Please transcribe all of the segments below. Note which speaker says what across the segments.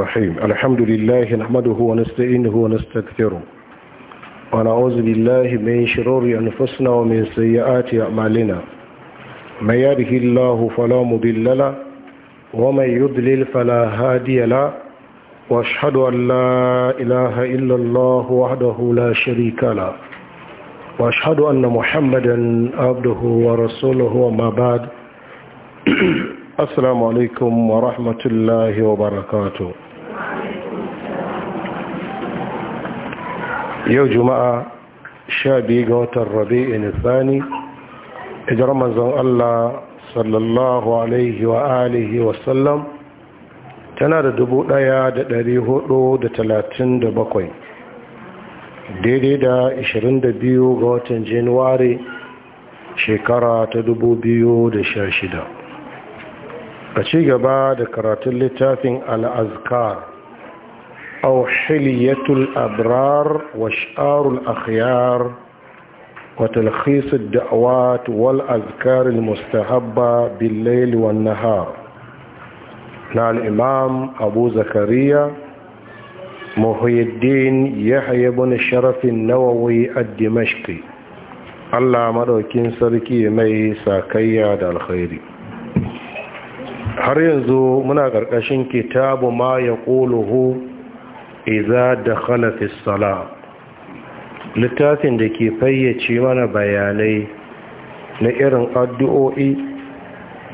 Speaker 1: الرحيم الحمد لله نحمده ونستعينه ونستغفره ونعوذ بالله من شرور أنفسنا ومن سيئات أعمالنا من يهده الله فلا مضل له ومن يضلل فلا هادي له واشهد أن لا إله إلا الله وحده لا شريك له واشهد أن محمدا عبده ورسوله وما بعد السلام عليكم ورحمة الله وبركاته
Speaker 2: yau juma'a
Speaker 1: sha biyu ga watan rabi'in nisani idan manzon Allah sallallahu alaihi wa alihi wasallam tana da dubu ɗaya da ɗari hudu da talatin da bakwai daidai da ishirin da biyu ga watan januwari shekara ta dubu biyu da sha shida a cigaba da karatun littafin al'azkar أو حلية الأبرار وشعار الأخيار وتلخيص الدعوات والأذكار المستهبة بالليل والنهار مع الإمام أبو زكريا محي الدين يحيى بن الشرف النووي الدمشقي الله maɗaukin sarki mai sakayya da alkhairi har yanzu muna ƙarƙashin kitabu ma ya ƙuluhu iza da khalafis sala littafin da ke fayyace mana bayanai na irin addu'o'i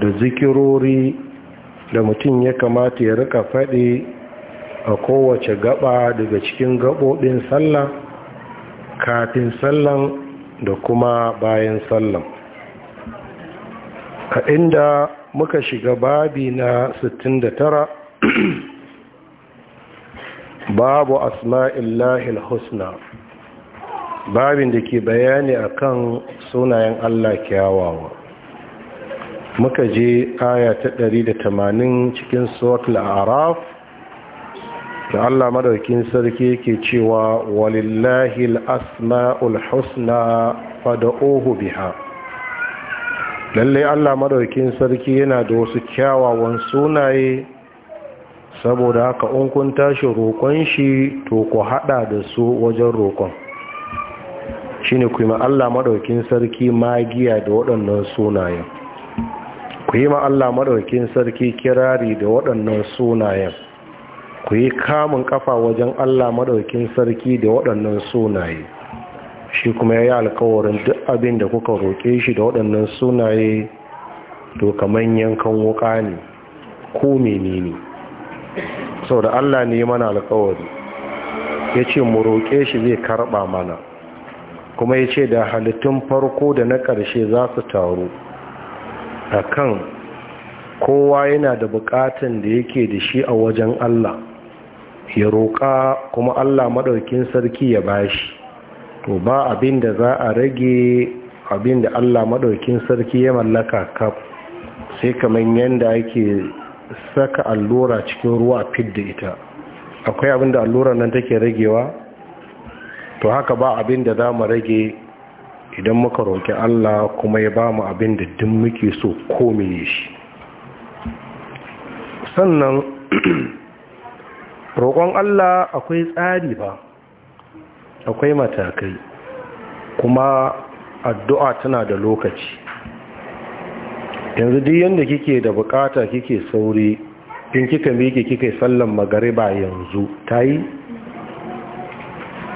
Speaker 1: da zikirori da mutum ya kamata ya rika faɗi a kowace gaba daga cikin gaɓoɓin sallah kafin sallan da kuma bayan sallan a inda muka shiga babi na tara. babu asma'illahil husna babin da ke bayani akan sunayen Allah kyawawa muka je aya ta da tamanin cikin suratul a'raf da Allah madaukin sarki ke cewa walillahil asma'ul husna fad'uhu biha lalle Allah madaukin sarki yana da wasu kyawawan sunaye saboda haka in kun tashi roƙon shi to ku haɗa da su wajen roƙon shi ku yi ma'alla maɗaukin sarki magiya da waɗannan sunayen ku yi ma'alla maɗaukin sarki kirari da waɗannan sunayen ku yi kamun ƙafa wajen Allah maɗaukin sarki da waɗannan sunaye shi kuma ya yi alkawarin duk abin da kuka roƙe shi da waɗannan sunaye to kamar yankan wuƙa ne ko menene sau da allah ne mana alkawari ya ce mu roƙe shi zai karɓa mana kuma ya ce da halittun farko da na ƙarshe za su taru a kan kowa yana da buƙatan da yake da shi a wajen allah ya roƙa kuma allah maɗaukin sarki ya bashi to ba abin da za a rage abin da allah maɗaukin sarki ya mallaka kaf sai kamar yadda ake saka allura cikin ruwa da ita akwai abin da allura nan take ragewa to haka ba abin da za mu rage idan muka roƙi Allah kuma ya ba mu abin da duk muke so komeye shi sannan roƙon Allah akwai tsari ba akwai matakai kuma addu'a tana da lokaci yanzu duk yadda kike da bukata kike sauri in kika miki kika sallan magariba yanzu tayi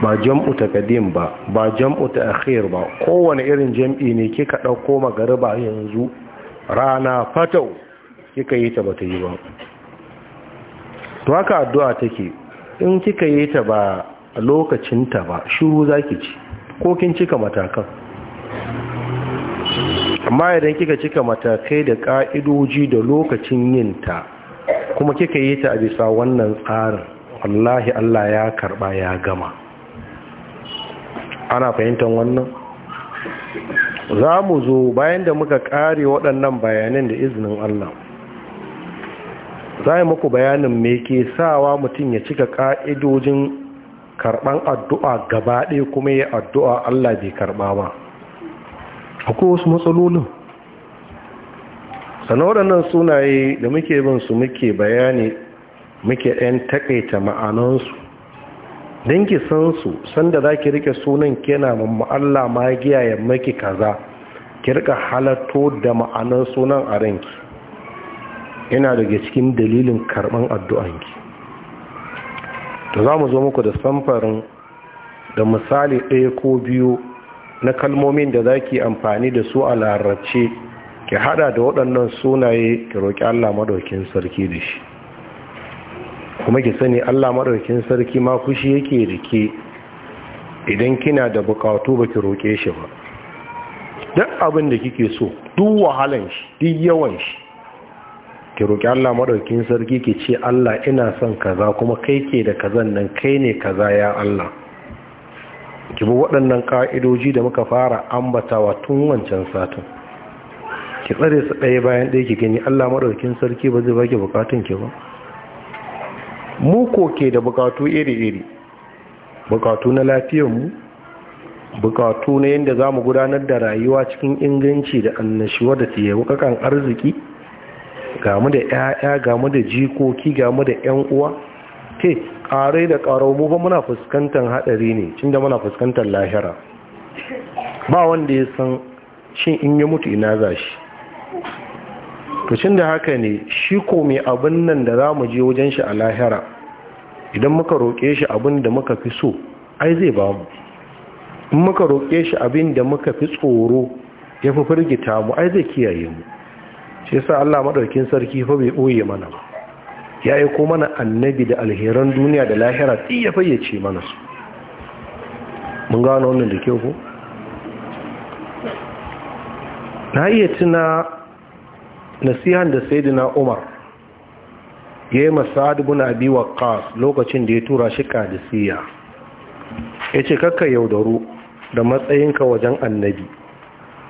Speaker 1: ba jam'u ta kadim ba ba jam'u akhir ba kowane irin jam'i ne kika ɗauko magariba yanzu rana fatau kika yi ta bata yi ba to haka addu'a take in kika yi ta ba lokacinta ba shiru zaki ci ko kin cika matakan amma idan kika cika matakai da ka'idoji da lokacin yinta kuma kika yi ta a bisa wannan tsarin wallahi Allah ya karba ya gama ana fahimtar wannan za mu zo bayan da muka kare waɗannan bayanan da izinin Allah za yi muku bayanin me ke sawa mutum ya cika ka'idojin karɓan addu'a gaba kuma ya addu'a Allah bai karɓa ba akwai wasu matsalolin sannan waɗannan sunaye da muke bin su muke bayani muke ɗan takaita ma'anansu don ki san su sanda za ki rike sunan kena mamma Allah giya ya maki kaza ki rika halatto da ma'anar sunan a ranki yana daga cikin dalilin karɓar addu'anki to za mu zo muku da samfarin da misali ɗaya ko biyu na kalmomin da za ki amfani da su a larabci ki hada da waɗannan sunaye ki roƙi allah maɗaukin sarki da shi kuma ki sani allah maɗaukin sarki ma kushi yake da idan kina da bukatu ba ki roƙe shi ba duk abin da kike so duk wahalan shi duk yawan shi ki roƙi allah maɗaukin sarki ki ce allah ina son kaza kuma kai ke da kazan nan kai ne kaza ya allah ki bi waɗannan ƙa'idoji da muka fara ambatawa tun wancan satin ki tsare su ɗaya bayan ɗaya ki gani Allah maɗaukin sarki ba zai baki bukatun ki ba mu ko ke da bukatu iri-iri bukatu na lafiyar mu bukatu na yadda za mu gudanar da rayuwa cikin inganci da annashuwa da wakakan arziki gamu da 'ya'ya gamu da jikoki gamu da 'yan uwa ke Ƙarai da ƙarau mu ba muna fuskantar haɗari ne cin da muna fuskantar lahira ba wanda ya san shin in yi mutu ina za shi to cin da haka ne shi ko mai abin nan da za mu je wajen shi a lahira idan muka roƙe shi abin da muka fi so ai zai ba mu in muka roƙe shi abin da muka fi tsoro ya fi firgita mu ai zai kiyaye mu shi yasa Allah maɗaukin sarki fa bai ɓoye mana ya yi ko mana annabi da alheran duniya da lahira ya fayyace mana su mun gano wannan da kyau ko na iya tuna nasihan da saidina umar ya yi masa'ad bin wa kas lokacin da ya tura shi kadisiya ya ce kakka yaudaru da matsayinka wajen annabi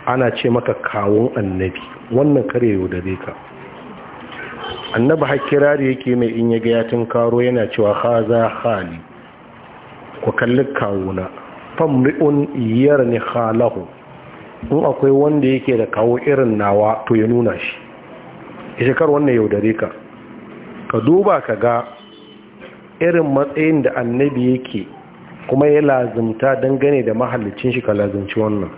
Speaker 1: ana ce maka kawun annabi wannan kare yaudare ka annabi hakkirari yake mai in yaga ya Karo yana cewa haza hali ku kalli kawuna famri'un yarni halahu in akwai wanda yake da kawo irin nawa to ya nuna shi shekar wannan yaudare ka ka duba ka ga irin matsayin da annabi yake kuma ya lazumta dangane da mahallicin shi ka lazumci wannan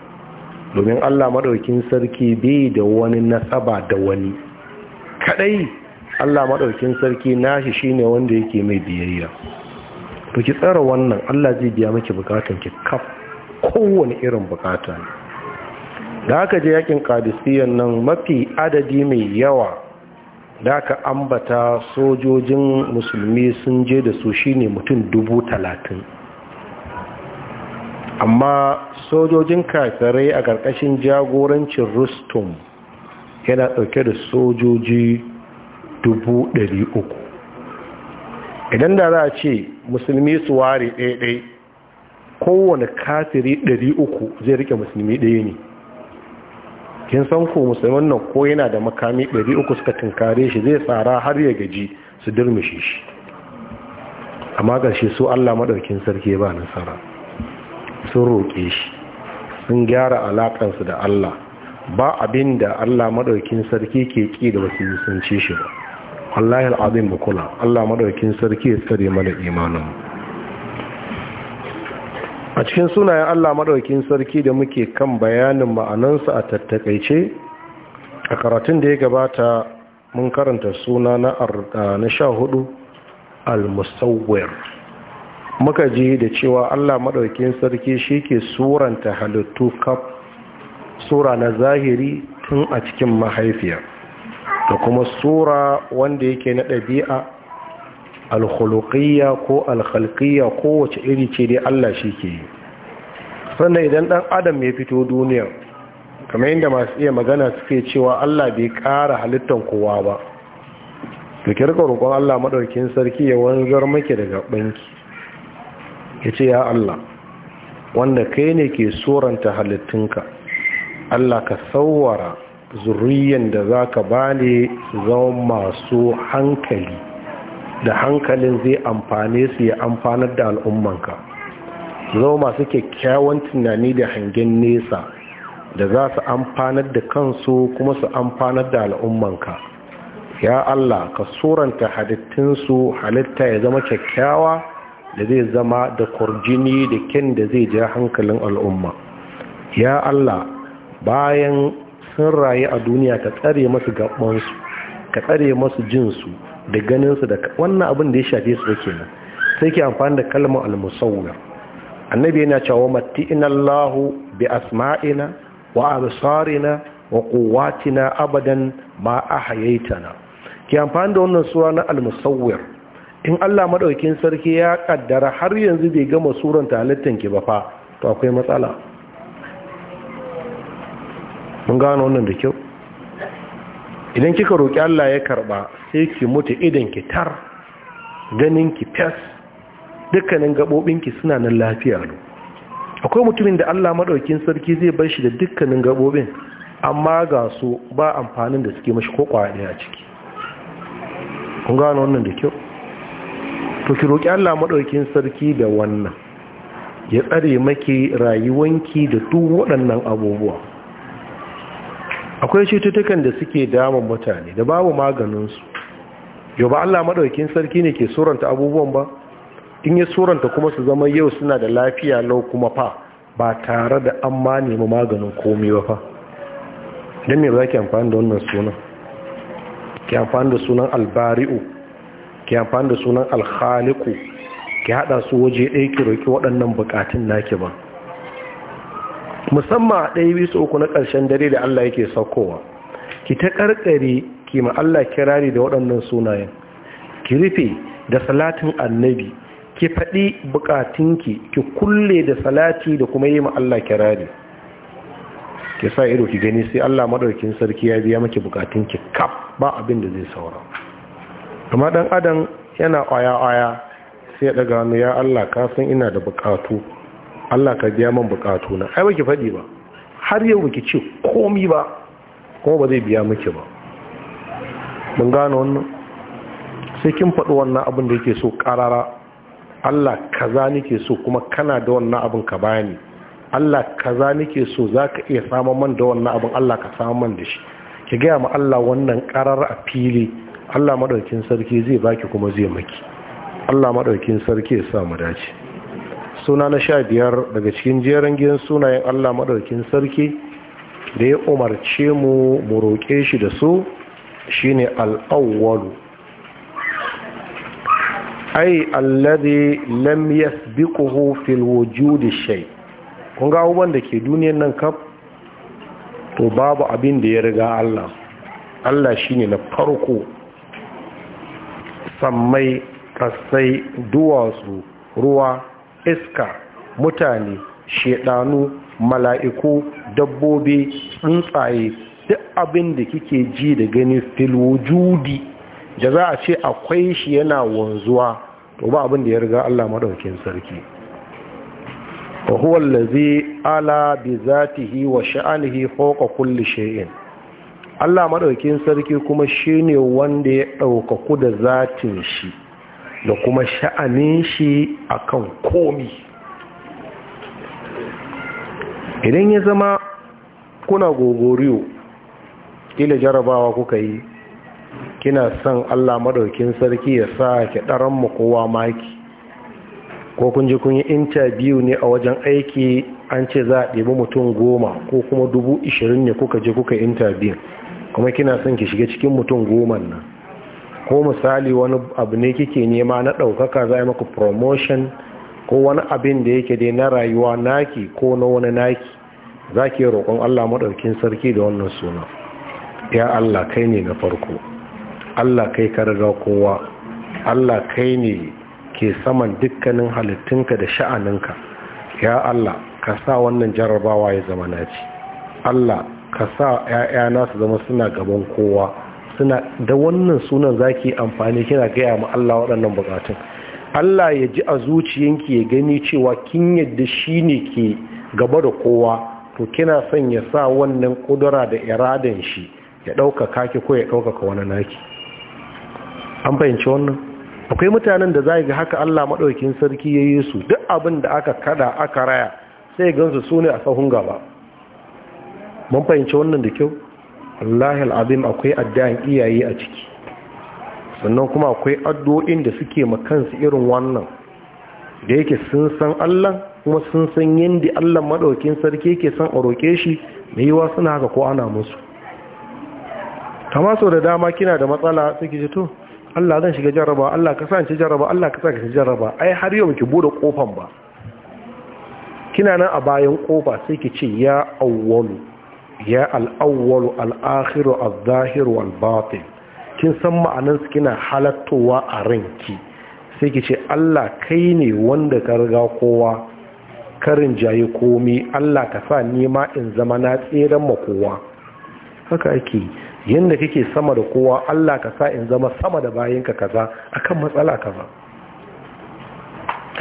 Speaker 1: domin allah maɗaukin sarki bai da wani nasaba da wani Kaɗai. Allah maɗaukin sarki nashi ne wanda yake mai biyayya to ki tsara wannan Allah zai biya miki bukatun ki kaf kowane irin bukata da aka je yakin kadisiyan nan mafi adadi mai yawa da aka ambata sojojin musulmi sun je da su shine mutum dubu talatin amma sojojin kafirai a ƙarƙashin jagorancin rustum yana ɗauke da sojoji dubu ɗari uku idan da za a ce musulmi su ware ɗaiɗai kowane kafiri ɗari uku zai rike musulmi ɗaya ne kin san ko musulman nan ko yana da makami ɗari uku suka tunkare shi zai tsara har ya gaji su durmushe shi amma ƙarshe su allah maɗaukin sarki ba nasara sun roƙe shi sun gyara alaƙansu da allah ba abin da allah maɗaukin sarki ke ƙi da wasu sun ce shi ba wallahi Al'adun mu kula Allah madaukin sarki ya tsare mana imanin a cikin sunayen Allah maɗaukin sarki da muke kan bayanin ma'anansa a tattakaice a karatun da ya gabata mun karanta suna na na sha hudu al-musawwir muka ji da cewa Allah maɗaukin sarki shike suranta halittu kaf sura na zahiri tun a cikin mahaifiyar. da kuma sura wanda yake na ɗabi'a alkhuluqiyya ko alkhalqiyya kowace iri ce dai Allah shi ke yi sannan idan ɗan adam ya fito duniya kamar inda masu iya magana suke cewa Allah bai ƙara halittar kowa ba to ki rika roƙon Allah maɗaukin sarki ya wanzar maki daga banki ce ya Allah wanda kai ne ke soranta halittunka Allah ka sauwara zurriyan da za ka bane su zama masu hankali da hankalin zai amfane su ya amfanar da al'ummanka zama masu kyakkyawan tunani da hangen nesa da za su amfanar da kansu kuma su amfanar da al'ummanka ya Allah ka suranta halittinsu halitta ya zama kyakkyawa da zai zama da kurjini da kyan da zai ja hankalin al'umma ya Allah bayan sun rayu a duniya ka tsare masu gabansu ka tsare masu jinsu da ganinsu da wannan abin da ya shafe su ke nan. sai ke amfani da kalmar al annabi yana cewa 'Ina Allahu bi asma'ina wa absarina wa quwwatina abadan ma na. ke amfani da wannan sura na al in Allah madaukakin sarki ya kaddara har yanzu bai gama suran halittan ki ba fa to akwai matsala mun gano wannan da kyau idan kika roƙi Allah ya karɓa sai ki mutu idan ki tar ganin ki fes dukkanin gaɓoɓinki suna nan lafiya lo akwai mutumin da Allah maɗaukin sarki zai bar shi da dukkanin gaɓoɓin amma ga su ba amfanin da suke mashi ko ɗaya a ciki kun gano wannan da kyau to ki roƙi Allah maɗaukin sarki da wannan ya tsare maki rayuwanki da duk waɗannan abubuwa akwai cututtukan da suke damun mutane da babu maganinsu yau ba Allah maɗaukin sarki ne ke suranta abubuwan ba in ya suranta kuma su zama yau suna da lafiya lau kuma fa ba tare da an ma nemi maganin komi ba fa don me ba ki amfani da wannan sunan ki amfani da sunan albari'u ki amfani da sunan alhaliku ki haɗa su waje ɗaya ki roƙi waɗannan buƙatun naki ba musamman a ɗaya bisa uku na ƙarshen dare da Allah yake saukowa ki ta ƙarƙare ki ma Allah kirari da waɗannan sunayen ki rufe da salatin annabi ki faɗi buƙatunki ki kulle da salati da kuma yi ma Allah kirari ki sa ido ki gani sai Allah maɗaukin sarki ya biya maki buƙatunki kaf ba abin da zai saura amma ɗan adam yana ƙwaya-ƙwaya sai ya ɗaga ya Allah ka san ina da buƙatu Allah ka biya man bukatu na ai baki faɗi ba har yau baki ce komi ba kuma ba zai biya miki ba mun gano wannan sai kin faɗi wannan abin da yake so ƙarara Allah kaza nake so kuma kana da wannan abin ka bani Allah kaza nake so zaka iya samun man da wannan abin Allah ka samu man da shi ki gaya ma Allah wannan ƙarara a fili Allah madaukin sarki zai baki kuma zai maki Allah maɗaukin sarki ya sa mu dace suna na sha biyar daga cikin jerin gidan sunayen allah maɗaukin sarki da ya umarce mu mu roƙe shi da su shine al'awwalu ai alladhi lam yasbiquhu fil wujudi shay kun ga uban da ke duniyan nan kaf to babu abin da ya riga Allah Allah shine na farko sammai kasai duwatsu ruwa iska mutane shedanu mala'iku dabbobi tsuntsaye duk abin da kike ji da gani filwujudi da za a ce akwai shi yana wanzuwa to ba abin da ya riga Allah madaukakin sarki wa huwa allazi ala bi zatihi wa sha'anihi fawqa kulli shay'in Allah madaukakin sarki kuma shine wanda ya dauka ku da zatin shi da kuma sha'anin shi a kan komi idan ya zama kuna gogoriyo kila jarabawa kuka yi kina son Allah maɗaukin sarki ya sa ki ɗaran mu kowa maki ko kun je kun yi interview ne a wajen aiki an ce za a ɗebi mutum goma ko kuma dubu ishirin ne kuka je kuka interview kuma kina son ki shiga cikin mutum goma nan ko misali wani abu ne kike nema na ɗaukaka za a maka promotion ko wani abin da yake dai na rayuwa naki ko na wani naki za ki roƙon Allah maɗaukin sarki da wannan suna ya Allah kai ne na farko Allah kai ka kowa Allah kai ne ke saman dukkanin halittunka da sha'aninka ya Allah ka sa wannan jarrabawa ya zama naci Allah ka sa ‘ya'yana su zama suna gaban kowa suna da wannan sunan zaki amfani kina gaya ma Allah waɗannan bukatun Allah ya ji a zuciyanki ya gani cewa kin yadda shi ne ke gaba da kowa to kina son ya sa wannan kudura da iradan shi ya ɗaukaka ki ko ya ɗaukaka wani naki an fahimci wannan akwai mutanen da za ga haka Allah maɗaukin sarki ya yi su duk abin da aka kada aka raya sai gansu su ne a sahun gaba mun fahimci wannan da kyau wallahi al'azim akwai addu'an iyaye a ciki sannan kuma akwai addu'o'in da suke ma kansu irin wannan da yake sun san Allah kuma sun san yadda Allah maɗaukin sarki yake son a roƙe shi mai yiwa suna haka ko ana musu kama so da dama kina da matsala suke ji to Allah zan shiga jarraba Allah ka sanci jarraba Allah ka saka jarraba ai har yau ki bude kofan ba kina nan a bayan kofa sai ki ce ya awwalu ya al'awwalu al'ahiru al-zahiru al kin san ma'anansu kina halattowa a ranki sai ki ce Allah kai ne wanda ka riga kowa karin jayi komi Allah ka sa nema in zama na tseren ma kowa haka ake yadda kake sama da kowa Allah ka sa in zama sama da bayanka kaza akan matsala kaza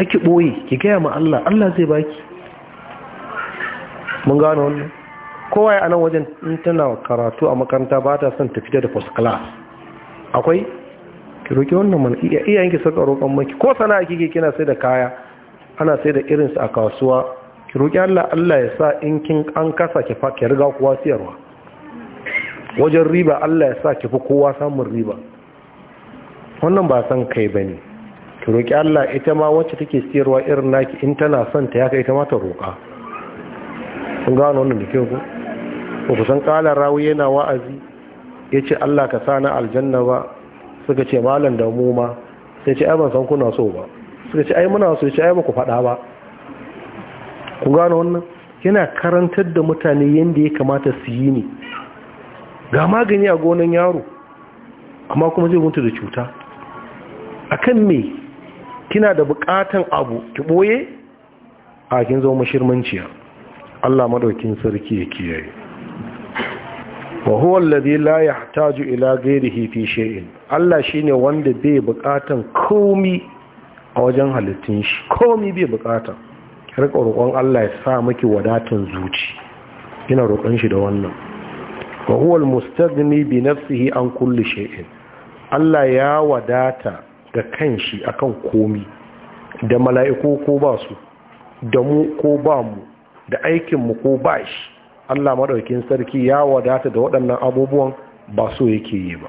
Speaker 1: ki ɓoye ki gaya ma Allah Allah zai baki mun gano wannan kowa a nan wajen tana karatu a makaranta ba ta son tafi da first class akwai ki roki wannan mana yanki suka roƙon maki ko sana'a kike kina sai da kaya ana sai da irinsu a kasuwa ki roki Allah Allah ya sa in kin an kasa ki fa ki riga kowa siyarwa wajen riba Allah ya sa ki fi kowa samun riba wannan ba san kai bane ki roki Allah ita ma wacce take siyarwa irin naki in tana son ta ya kai ita ma ta roƙa. kun gano wannan da kyau ko ba ku san ƙalar rawi yana wa'azi ya ce allah ka sa na aljanna ba suka ce malam da mu ma sai ce ai san kuna so ba suka ce ai muna so ce ai ku faɗa ba ku gano wannan yana karantar da mutane yadda ya kamata su yi ne ga magani a gonan yaro amma kuma zai mutu da cuta a kan me kina da bukatan abu ki boye a kin zo mashirmanciya Allah madaukin sarki ya kiyaye wa huwa alladhi la yahtaju ila ghayrihi fi shay'in Allah shine wanda bai bukatan komi a wajen halittun shi komi bai bukata rika roƙon Allah ya sa miki wadatan zuci ina roƙon shi da wannan wa huwa almustaghni bi nafsihi an kulli shay'in Allah ya wadata ga kanshi akan komi da mala'iku ko ba su da mu ko ba mu da aikin mu ko ba shi Allah maɗaukin sarki ya wadata da waɗannan abubuwan ba so yake yi ba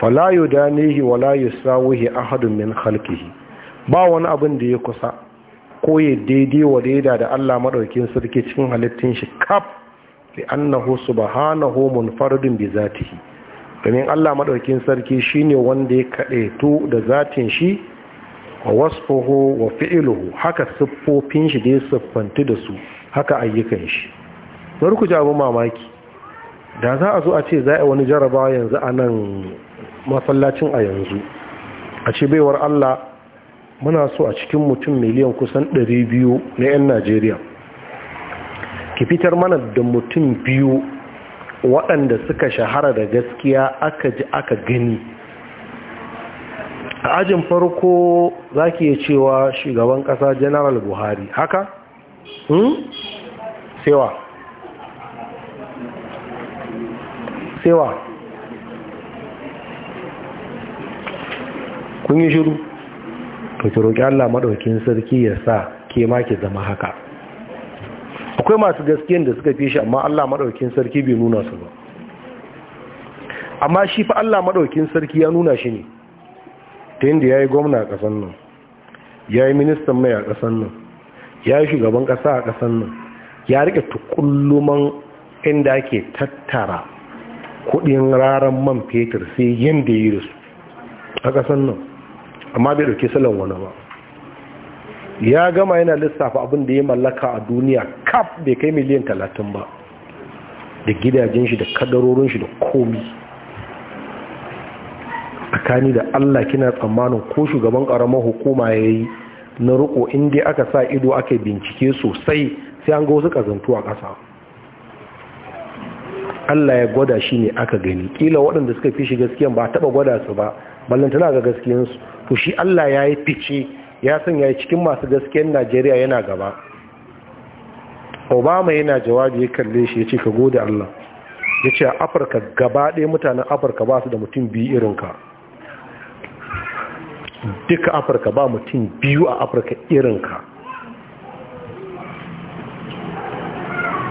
Speaker 1: fala yudanihi wala ahadun min khalqihi ba wani abin da ya kusa ko ya daidai wa daida da Allah maɗaukin sarki cikin halittun shi kaf fi annahu subhanahu munfaridun bi zatihi domin Allah maɗaukin sarki shine wanda ya kaɗaito da zatin shi wa wasfuhu wa fi'luhu haka siffofin shi da ya siffanti da su haka ayyukan shi bari ku ji abin mamaki da za a zo a ce za a wani jaraba yanzu a nan masallacin a yanzu a ce baiwar allah muna so a cikin mutum miliyan kusan 200 na 'yan najeriya ki fitar mana da mutum biyu waɗanda suka shahara da gaskiya aka ji aka gani a ajin farko za ki iya cewa shugaban ƙasa general buhari haka? hmm? sewa sewa kun yi shiru ka ki roƙi Allah maɗaukin sarki ya sa ke ma ki zama haka akwai masu gaskiyan da suka fi shi amma Allah maɗaukin sarki bai nuna su ba amma shi fa Allah maɗaukin sarki ya nuna shi ne ta yin da ya yi gwamna a ƙasan nan ya yi ministan mai a ƙasan nan ya yi shugaban ƙasa a ƙasan nan ya riƙe tukulluman inda ake tattara kudin raran man fetur sai yadda yi da su a ƙasan nan amma bai dauke salon wani ba ya gama yana lissafa abin da ya mallaka a duniya kaf bai kai miliyan talatin ba da gidajen shi da kadarorin shi da komi tsakani da allah kina tsammanin ko shugaban ƙaramar hukuma ya yi na riko inda aka sa ido aka bincike sosai sai an ga wasu ƙazantu a ƙasa Allah ya gwada shi ne aka gani kila waɗanda suka fi shi gaskiyan ba taɓa gwada su ba na ga gaskiyansu to shi Allah ya yi fice ya san ya yi cikin masu gaskiyan Najeriya yana gaba Obama yana jawabi ya kalle shi ya ce ka gode Allah ya ce a Afirka gaba ɗaya mutanen Afirka ba su da mutum biyu irinka duka Afirka ba mutum biyu a Afirka irinka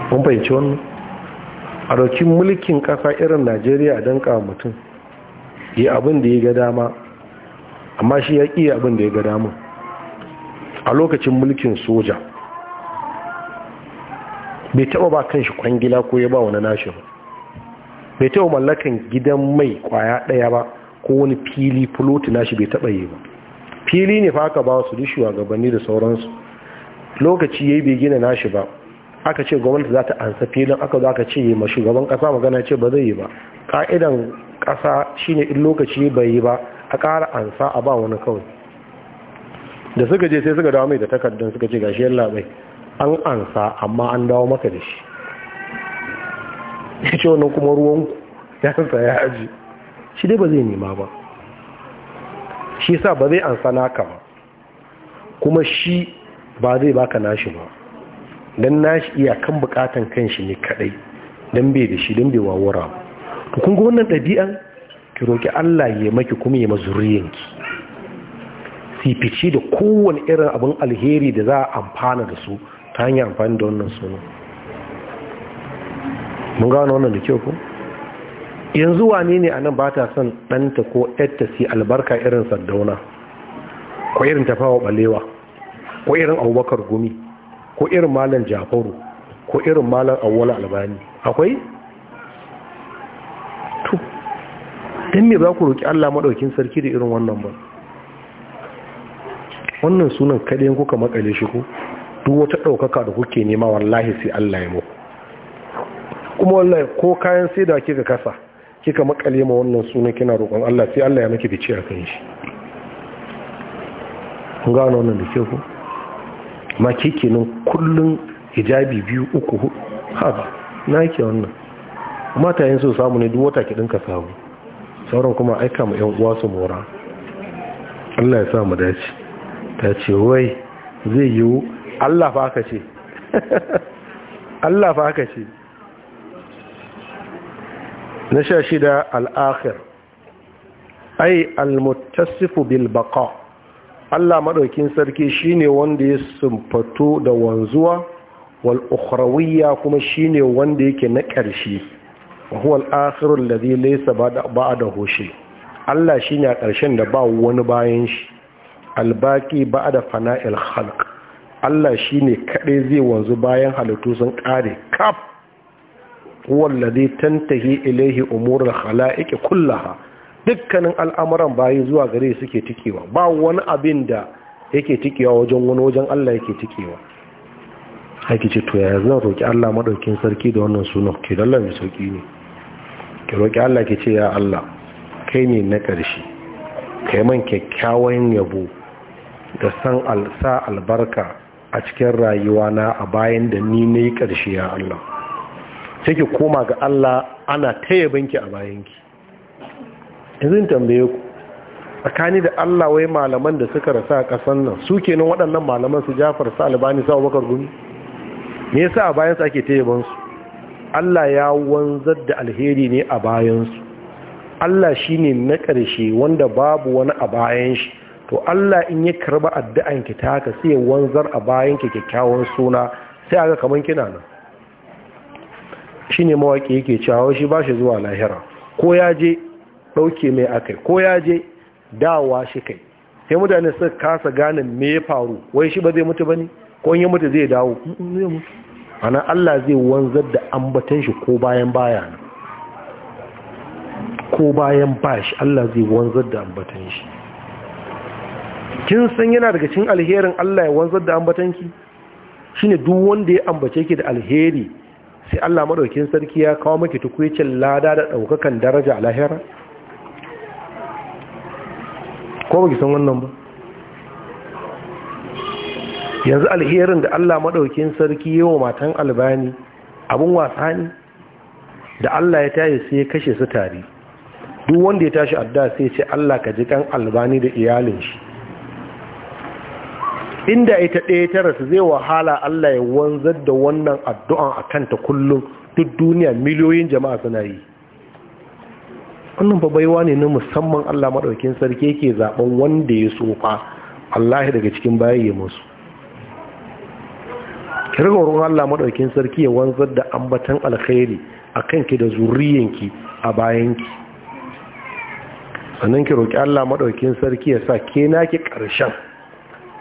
Speaker 1: kun fahimci wannan a ɗauki mulkin ƙasa irin najeriya don kawo mutum yi abin da ya ga dama amma shi ya ƙi abin da ya ga dama a lokacin mulkin soja bai taɓa ba kan shi kwangila ko ya ba wani nashi ba bai taɓa mallakan gidan mai kwaya ɗaya ba ko wani fili fuloti nashi bai taɓa yi ba fili ne fa aka ba su da shugabanni da sauransu lokaci ya yi bai gina nashi ba aka ce gwamnati za ta ansa filin aka zo aka ce yi ma shugaban kasa magana ce ba zai yi ba ka'idan kasa shine in lokaci bai yi ba a ƙara ansa a ba wani kawai da suka je sai suka dawo mai da takardun suka ce gashi yalla bai an ansa amma an dawo maka da shi ya ce wannan kuma ruwan ya ansa ya aji shi dai ba zai nema ba shi sa ba zai ansa naka ba kuma shi ba zai baka nashi ba dan nashi iyakan bukatan kanshi ne kadai don bai da shi don bai wawura to kun ga wannan ɗabi'an ki roki Allah ya maki kuma ya mazuriyanki ki fice da kowane irin abin alheri da za a amfana da su ta hanyar amfani da wannan suna mun gano wannan da kyau ko yanzu wane ne anan ba ta son ɗanta ko ta si albarka irin sardauna ko irin tafawa balewa ko irin abubakar gumi ko irin malam jafaru ko irin malam awwal albani akwai to dan me za ku roki Allah madaukin sarki da irin wannan ba wannan sunan in kuka makale shi ko duk wata daukaka da kuke nema wallahi sai Allah ya muku kuma wallahi ko kayan sai da kika kasa kika makale ma wannan sunan kina roƙon Allah sai Allah ya miki fice a kan shi gano wannan da ke ku ma ke kenan kullum hijabi biyu uku hudu haba na yake wannan mata yin so samu ne duk wata ki dinka samu sauran kuma aika ma yan uwa su mora Allah ya sa mu dace ta ce wai zai yiwu Allah fa aka ce Allah fa aka ce na sha shida al'akhir ai al-muttasifu bil baqa' Allah maɗaukin sarki shi ne wanda ya sumfato da wanzuwa wal ukhrawiyya kuma ne wanda yake na ƙarshe wa da al-akhiru ba laysa da hoshe. Allah shi ne a ƙarshen da ba wani bayan shi ba a ba'da fana'il khalq Allah shi ne kaɗai zai wanzu bayan halittu sun ƙare kaf huwa tantahi ilayhi umurul khala'iqi kullaha dukkanin al'amuran bayi zuwa gare suke tikewa ba wani abin da yake tikewa wajen wani wajen Allah yake tikewa haiki ce to yaya zan roƙi Allah maɗaukin sarki da wannan sunan ke dalla mai sauƙi ne ki roƙi Allah ke ce ya Allah kai ne na ƙarshe kai man kyakkyawan yabo da san alsa albarka a cikin rayuwa na a bayan da ni na yi ƙarshe ya Allah sai ki koma ga Allah ana ta yabanki a bayanki yanzu tambaye ku tsakani da Allah wai malaman da suka rasa a ƙasar nan su nan waɗannan malaman su Jafar su Albani sa Abubakar Gumi me yasa a bayan su ake tayyaban su Allah ya wanzar da alheri ne a bayansu. su Allah ne na ƙarshe wanda babu wani a bayan shi to Allah in ya karba addu'an ki ta haka sai wanzar a bayan ki kyakkyawan suna sai aga kamar kina nan Shi ne mawaki yake cewa shi ba shi zuwa lahira ko ya je ɗauke mai akai ko ya je dawa shi kai sai mutane su kasa gane me ya faru wai shi ba zai mutu ba ne ko ya mutu zai dawo zai mutu ana Allah zai wanzar da ambatan shi ko bayan baya ko bayan bashi Allah zai wanzar da ambatan shi kin san yana daga cikin alherin Allah ya wanzar da ambatan ki shine duk wanda ya ambace ki da alheri sai Allah madaukakin sarki ya kawo miki tukuicin lada da daukakan daraja a lahira ko ba ki san wannan ba yanzu alherin da Allah maɗaukin sarki wa matan albani abin wasa ne da Allah ya tashi sai ya kashe su tare duk wanda ya tashi adda sai ce Allah ka ji kan albani da iyalin shi inda ita ɗaya ta rasu zai wahala Allah ya wanzar da wannan addu'an a kanta kullum duk duniya miliyoyin jama'a suna yi wannan babaiwa ne na musamman Allah Maɗaukin sarki yake zaɓen wanda ya so fa Allah daga cikin bayan Ki musu kirgorun Allah Maɗaukin sarki ya wanzar da ambatan alkhairi a ki da zuriyanki a bayanki sannan ki roƙi Allah Maɗaukin sarki ya sa ke naki ƙarshen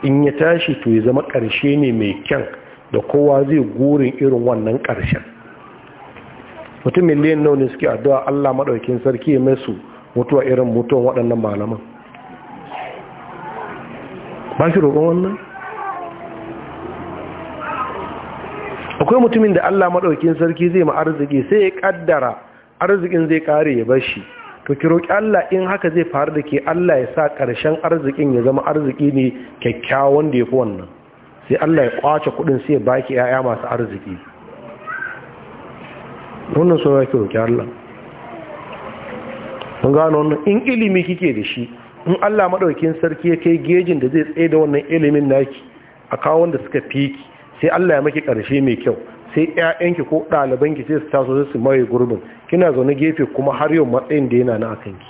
Speaker 1: in ya tashi to ya zama ƙarshe ne mai kyan da kowa zai gurin irin wannan ƙarshen. mutum miliyan nawa ne suke addu'a Allah maɗaukin sarki ya su mutuwa irin mutuwan waɗannan malaman ba shi roƙon wannan akwai mutumin da Allah maɗaukin sarki zai ma arziki sai ya ƙaddara arzikin zai ƙare ya bashi to ki roƙi Allah in haka zai faru da ke Allah ya sa ƙarshen arzikin ya zama arziki ne kyakkyawan da ya fi wannan sai Allah ya ƙwace kuɗin sai ya baki 'ya'ya masu arziki wannan so ya roƙi Allah mun gano wannan in ilimi kike da shi in Allah maɗaukin sarki ya kai gejin da zai tsaye da wannan ilimin naki a kawo wanda suka fi sai Allah ya maki ƙarshe mai kyau sai ƴaƴanki ko ɗalibanki sai su taso su maye gurbin kina zaune gefe kuma har yau matsayin da yana na akan ki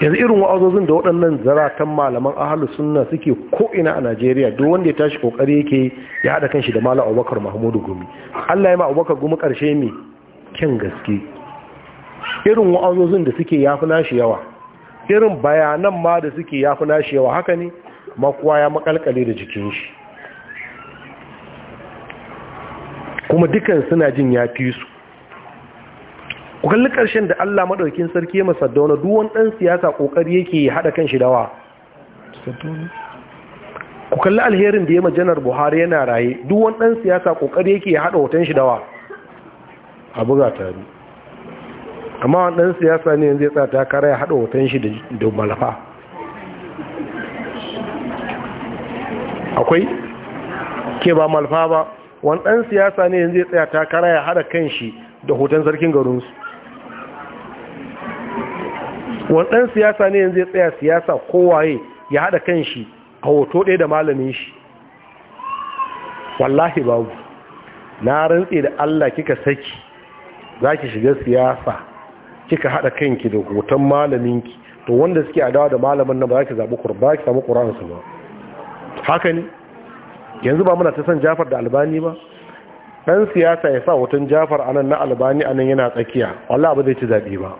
Speaker 1: yanzu irin wa'azozin da waɗannan zaratan malaman ahalu sunna suke ko'ina a najeriya duk wanda ya tashi kokari yake ya haɗa kanshi da malam abubakar mahmudu gumi allah ya ma abubakar gumi ƙarshe mai kyan gaske irin wa'azozin da suke ya fi nashi yawa irin bayanan ma da suke ya fi nashi yawa haka ne makuwa ya makalkale da jikin shi kuma dukan suna jin ya fi su ku kalli ƙarshen da Allah maɗaukin sarki masa dauna duwan ɗan siyasa ƙoƙari yake haɗa kan shi dawa ku kalli alherin da ya majanar buhari yana raye duwan ɗan siyasa ƙoƙari yake haɗa hoton shi dawa abu ga tare amma ɗan siyasa ne yanzu ya ta takara ya haɗa hoton shi da malafa akwai ke ba malafa ba wani ɗan siyasa ne yanzu ya tsaya takara ya haɗa kan shi da hoton sarkin garinsu wannan siyasa ne yanzu ya tsaya siyasa kowaye ya haɗa kan shi a hoto ɗaya da malamin shi wallahi babu na rantse da Allah kika saki za ki shiga siyasa kika haɗa kanki da hoton malaminki to wanda suke adawa da malamin nan ba za ki zaɓi ba ki samu ƙuransu ba haka ne yanzu ba muna ta san jafar da albani ba ɗan siyasa ya sa hoton jafar anan na albani anan yana tsakiya wallah ba zai ci zaɓi ba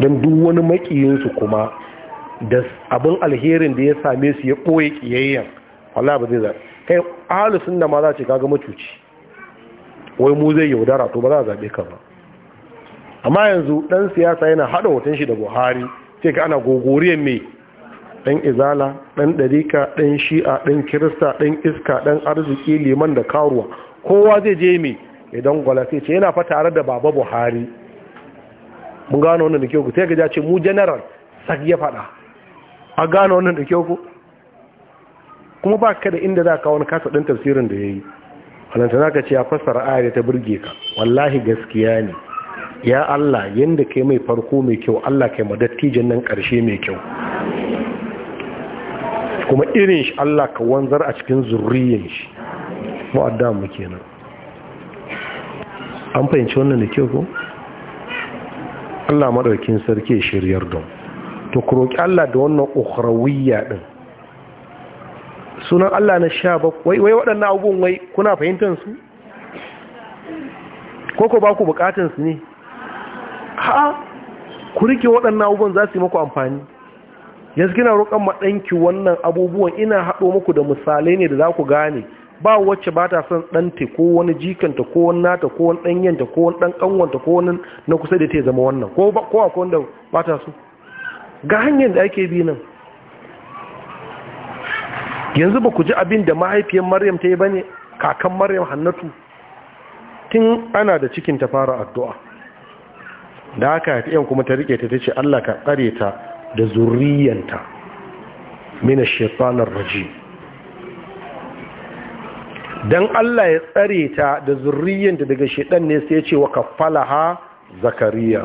Speaker 1: don duk wani makiyinsu kuma da abin alherin da ya same su ya ɓoye ƙiyayyen wallah ba zai zaɓe kai alisun da ma za ce kaga macuci wai mu zai yaudara to ba za a zaɓe ka ba amma yanzu ɗan siyasa yana haɗa hoton shi da buhari sai ka ana gogoriyar mai ɗan izala ɗan ɗarika ɗan shi'a ɗan kirista ɗan iska ɗan arziki liman da karuwa kowa zai je mai idan gwala ce yana fa tare da baba buhari mun gano wannan da kyau ku sai ga ce mu general sak ya faɗa a gano wannan da kyau ku kuma ba ka da inda za ka wani kasa ɗin tafsirin da ya yi halanta za ka ce ya fassara aya ta burge ka wallahi gaskiya ne ya Allah yadda kai mai farko mai kyau Allah kai madattijin nan ƙarshe mai kyau kuma irin shi Allah ka wanzar a cikin zurriyin shi mu'adda mu kenan an fahimci wannan da kyau ko Allah madaukin sarki shiryar don to ku roki Allah da wannan ukhrawiyya din sunan Allah na 17 wai wai waɗannan abubuwan wai kuna fahimtar su ko ko ba ku bukatun su ne ha ku rike waɗannan abubuwan za su yi muku amfani yanzu kina roƙon maɗanki wannan abubuwan ina haɗo muku da misalai ne da za ku gane ba wacce ba ta son ɗanta ko wani jikanta ko wani nata ko wani ɗanyenta ko wani ɗanƙanwanta ko wani na kusa da ta zama wannan ko a wanda ba ta so ga hanyar da ake bi nan yanzu ba ku ji abin da mahaifiyar maryam ta yi ba ne kakan maryam hannatu tun ana da cikin ta fara addu'a da aka haifi yan kuma ta riƙe ta ta ce allah ka tsare ta da zurriyanta mina shaitanar rajim don Allah ya tsare ta da da daga shedan ne sai cewa ce wa kafalaha zakariya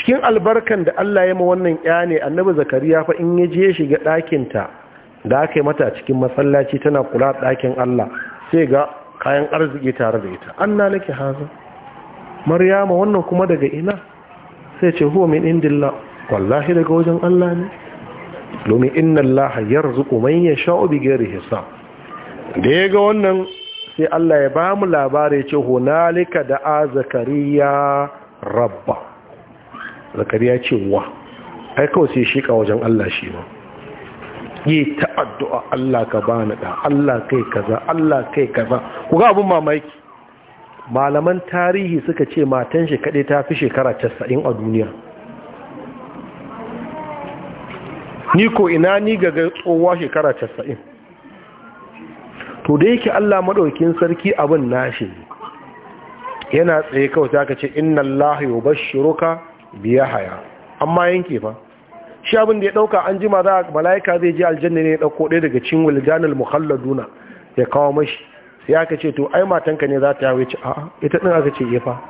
Speaker 1: cikin albarkan da Allah ya ma wannan ya ne annabi zakariya fa in ya je shiga ɗakinta da aka yi mata cikin masallaci tana kula ɗakin Allah sai ga kayan arziki tare da ita an na haza maryama wannan kuma daga ina sai ce huwa min indillah wallahi daga wajen Allah ne domin inna Allah yarzuqu man yasha'u bighairi hisab da ya ga wannan sai Allah ya ba mu labari ce hunalika da a zakariya rabba zakariya ce wa ai kawai sai wajen Allah shi ba yi ta addu'a Allah ka ba ni da Allah kai kaza Allah kai kaza ku ga abin mamaki malaman tarihi suka ce matan shi kaɗai ta fi shekara 90 a duniya ni ko ina ni ga tsohuwa shekara casa'in? to da yake Allah maɗaukin sarki abin nashi yana tsaye kawai ta kace inna Allah bashiruka bi yahya amma yanke fa shi abin da ya ɗauka an jima za malaika zai je aljanna ne ya ɗauko ɗaya daga cikin wiljanul mukhalladuna ya kawo mashi sai aka ce to ai matanka ne za ta yawo ce a'a ita din aka ce ya fa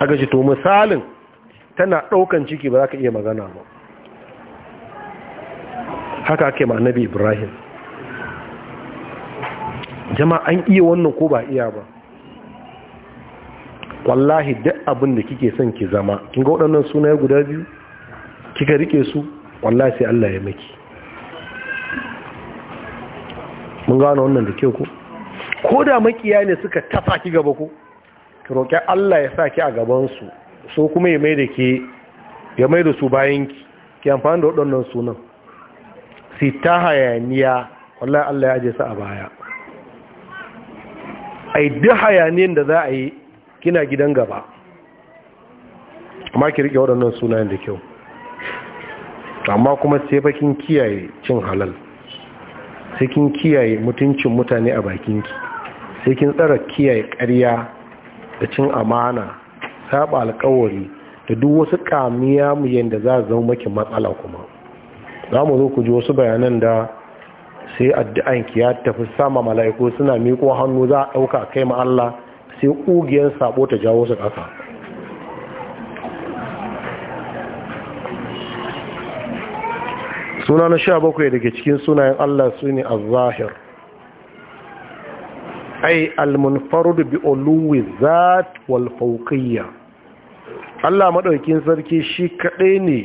Speaker 1: aka ce to misalin tana ɗaukan ciki ba za ka iya magana ba haka ake ma annabi Ibrahim jama'a an iya wannan ko ba iya ba wallahi duk abin da kike son ki zama kin ga waɗannan sunaye guda biyu kika rike su wallahi sai Allah ya maki mun gano wannan da kike ko ko da makiya ne suka tafa ki gaba ko ki roki Allah ya saki a gaban su so kuma ya mai da ke ya mai da su bayan ki ki amfani da waɗannan sunan Sitaha yaniya wallahi Allah ya aje su a baya a yi duk hayaniyar da za a yi kina gidan gaba amma ki rike waɗannan sunayen da kyau amma kuma sai bakin kiyaye cin halal sai kin kiyaye mutuncin mutane a bakinki sai kin tsara kiyaye karya da cin amana saba alkawari da duk wasu ƙamiya mu yadda za a zama maki matsala kuma za mu zo ku ji wasu bayanan da sai addu'an ki ya tafi sama mala'iku suna miko hannu za a ɗauka kai ma Allah sai ƙugiyar sabo ta jawo su ƙasa suna na sha bakwai daga cikin sunayen Allah su ne al-zahir ai al da bi zat wal Allah maɗaukin sarki shi kaɗai ne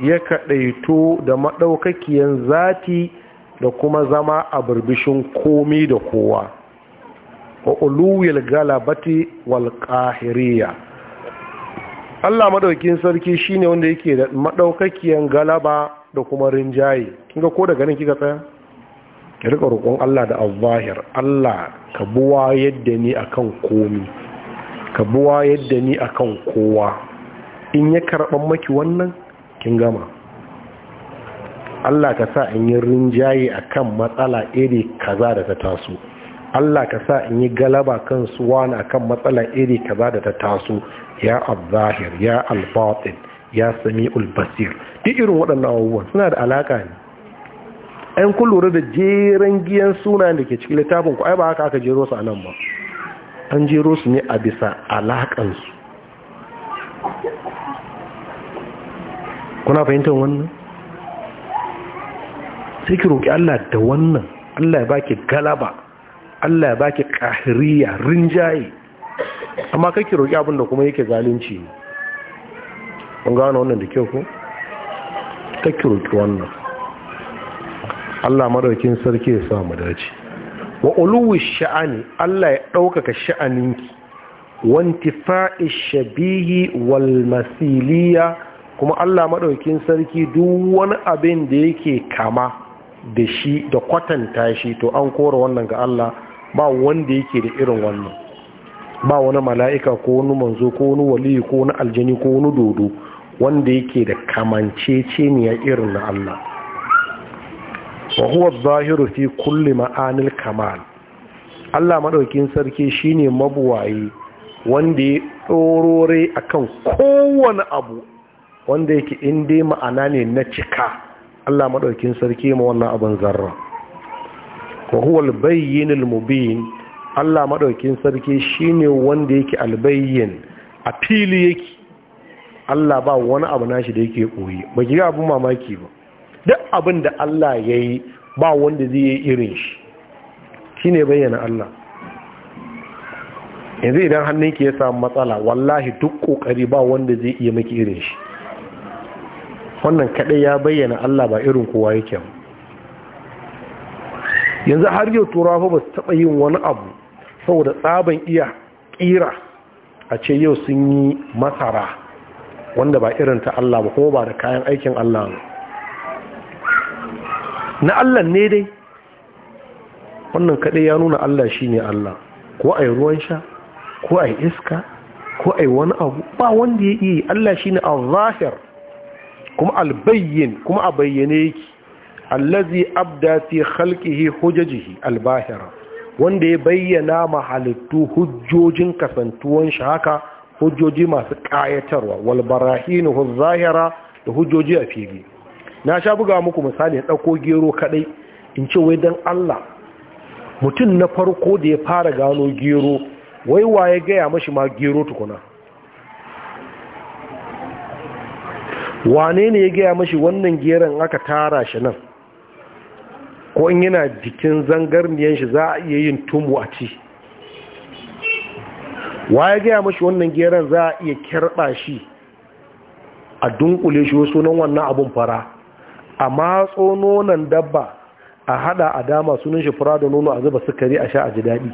Speaker 1: ya kaɗaito da maɗaukakiyan zati da kuma zama a birbishin komi da kowa wa uluwil galabati wal qahiriya Allah madaukakin sarki shine wanda yake da madaukakiyan galaba da kuma rinjaye kinga ko daga nan kika tsaya ki rika roƙon Allah da azzahir Allah ka buwa yadda ni akan komi ka buwa yadda ni akan kowa in ya karɓa maki wannan kin gama Allah ka sa in yi rinjaye a kan matsala iri kaza da ta taso Allah ka sa in yi galaba kan suwana kan matsala iri kaza da ta taso ya al ya al-batin ya sami'ul basir duk irin waɗannan abubuwan suna da alaƙa ne Yan kun da jeren giyan sunayen da ke cikin littafin ku ai ba haka aka jero su a nan ba an jero su ne a bisa alaƙansu kuna fahimtar wannan sai ki roƙi Allah da wannan Allah ya baki galaba Allah ya baki kahiriya rinjaye amma ki roƙi abin da kuma yake zalunci ne kun gano wannan da kyau ko ki roƙi wannan Allah madaukin sarki ya sa mu dace wa uluwi sha'ani Allah ya ɗaukaka sha'aninki intifa'i shabihi wal masiliya kuma Allah madaukin sarki duk wani abin da yake kama da shi da kwatanta shi to an kora wannan ga Allah ba wanda yake da irin wannan ba wani mala'ika ko wani manzo ko wani waliyu ko wani aljani ko wani dodo wanda yake da kamanceceniya irin na Allah wa huwa zahiru fi kulli ma'anil kamal Allah maɗaukin sarki shine mabuwaye wanda ya tsorore akan kowane abu wanda yake in dai ma'ana ne na cika Allah maɗaukin sarki ma wannan abin zarra wa huwa albayyin almubin Allah maɗaukin sarki shine wanda yake albayyin a fili yake Allah ba wani abu nashi da yake koyi ba ki ga abin mamaki ba duk abin da Allah yayi ba wanda zai yi irin shi shine bayyana Allah yanzu idan hannunki ya samu matsala wallahi duk kokari ba wanda zai iya maki irin shi wannan kadai ya bayyana Allah ba irin kowa yake ba yanzu har yau turawa ba su taɓa yin wani abu saboda tsaban iya kira a ce yau sun yi masara wanda ba irin ta Allah ba kuma ba da kayan aikin Allah ba na Allah ne dai wannan kaɗai ya nuna Allah shi ne Allah ko a yi ruwan sha ko a yi iska ko a yi wani abu ba wanda ya iya Allah shi ne al-zahir kuma albayyin kuma a bayyane yake allazi abda fi khalqihi hujajihi albahira wanda ya bayyana mahalittu hujjojin kasantuwan shi haka hujjoji masu kayatarwa wal barahinu zahira da hujjoji a fili na sha buga muku misali dauko gero kadai in ce wai dan Allah mutum na farko da ya fara gano gero wai waye gaya mashi ma gero tukuna wane ne ya gaya mashi wannan geron aka tara shi nan ko in yana jikin zangarniyan shi za a iya yin tumu a ci wa ya gaya mashi wannan geron za a iya kirɓa shi a dunkule shi wasu nan wannan abun fara a matso nonon dabba a hada a dama sunan shi fura da nono a zuba sukari a sha a ji daɗi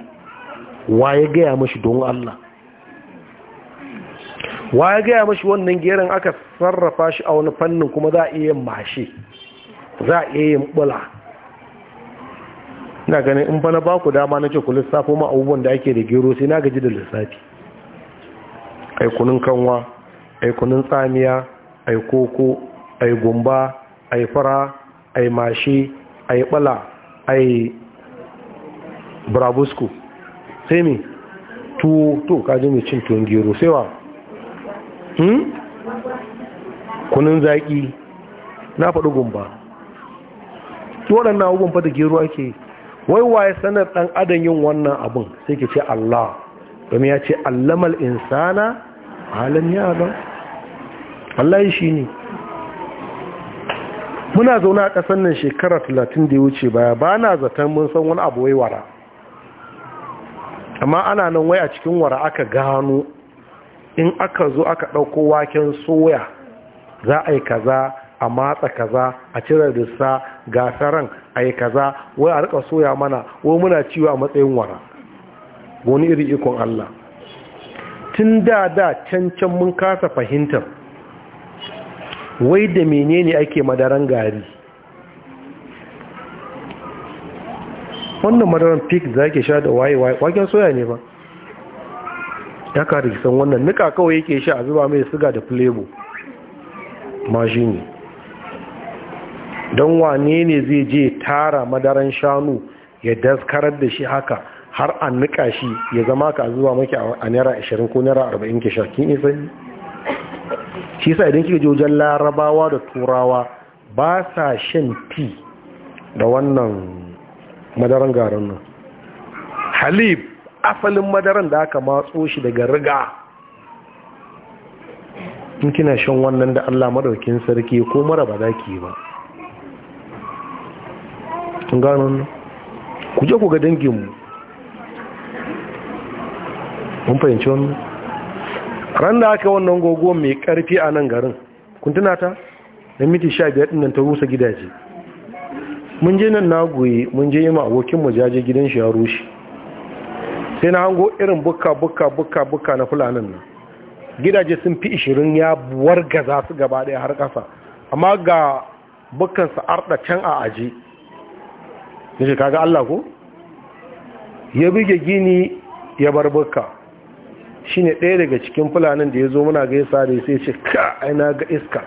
Speaker 1: wa ya gaya mashi don Allah wa ya gaya mashi wannan geron aka sarrafa shi a wani fannin kuma za a iya yin mashi za a iya yin bula na ganin in bana ba ku dama na ce ku lissafo ma abubuwan da ake da gero sai na gaji da lissafi ai kunun kanwa ai kunun tsamiya ai koko ai gumba ai fara ai mashi ai bala ai brabusku sai mi tuwo to kaji mai cin tuwon gero sai wa hmm? kunun zaƙi na faɗi gumba waɗannan abubuwan fata gero ake wai waye sanar ɗan adam yin wannan abin sai ke ce Allah domin ya ce allamal insana halin yaba Allah shi ne muna zaune a ƙasar nan shekara talatin da ya wuce baya ba na zaton mun san wani abu wai wara amma ana nan wai a cikin wara aka gano in aka zo aka ɗauko waken soya za a yi kaza a matsa kaza a cire dussa gasaran a yi kaza wai a rika soya mana wai muna ciwo a matsayin wara wani iri ikon Allah tun da da can can mun kasa fahimtar wai da menene ake madaran gari wannan madaran pig da ake sha da waye waye waken soya ne ba ya kada kisan wannan nika kawai yake sha a zuba mai suga da flavor ma shi ne don wane ne zai je tara madaran shanu ya daskarar da shi haka har an nika shi ya zama ka zuba maki a naira 20 ko naira 40 ki sha ne sai shi sa idan kika je wajen larabawa da turawa ba sa shan ti da wannan madaran garin nan halib asalin madaran da aka matso shi daga riga in kina shan wannan da Allah madaukin sarki ko mara ba za ki ba kun gano ku je ku ga danginmu mun fahimci wannan ran da aka wannan gogo mai karfi a nan garin kun tuna ta na miti sha biyar nan ta rusa gidaje mun je nan na goye mun je yi ma abokinmu jaje gidan shi ya rushe sai na hango irin buka buka buka buka na fulanin nan gidaje sun fi ishirin ya wargaza su gaba daya har kasa amma ga bukansa arda can a aji da shi kaga Allah ko ya buge gini ya bar buka shi ne ɗaya daga cikin fulanin da ya zo muna gaisa da sai ce ka aina ga iska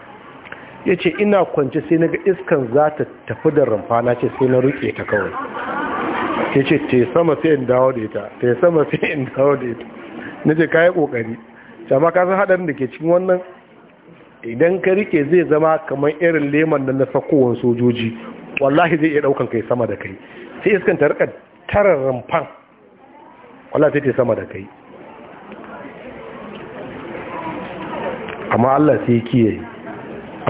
Speaker 1: ya ce ina kwanci sai na ga iskan za ta tafi da rumfa na ce sai na rike ta kawai ya ce te sama sai in dawo da ita te sama sai in dawo da ita na ce kayan kokari amma ka san haɗarin da ke cikin wannan idan ka rike zai zama kamar irin leman da na sakowar sojoji wallahi zai iya ɗaukan kai sama da kai sai iskan ta rika tarar rumfan wallahi sai te sama da kai amma Allah sai kiyaye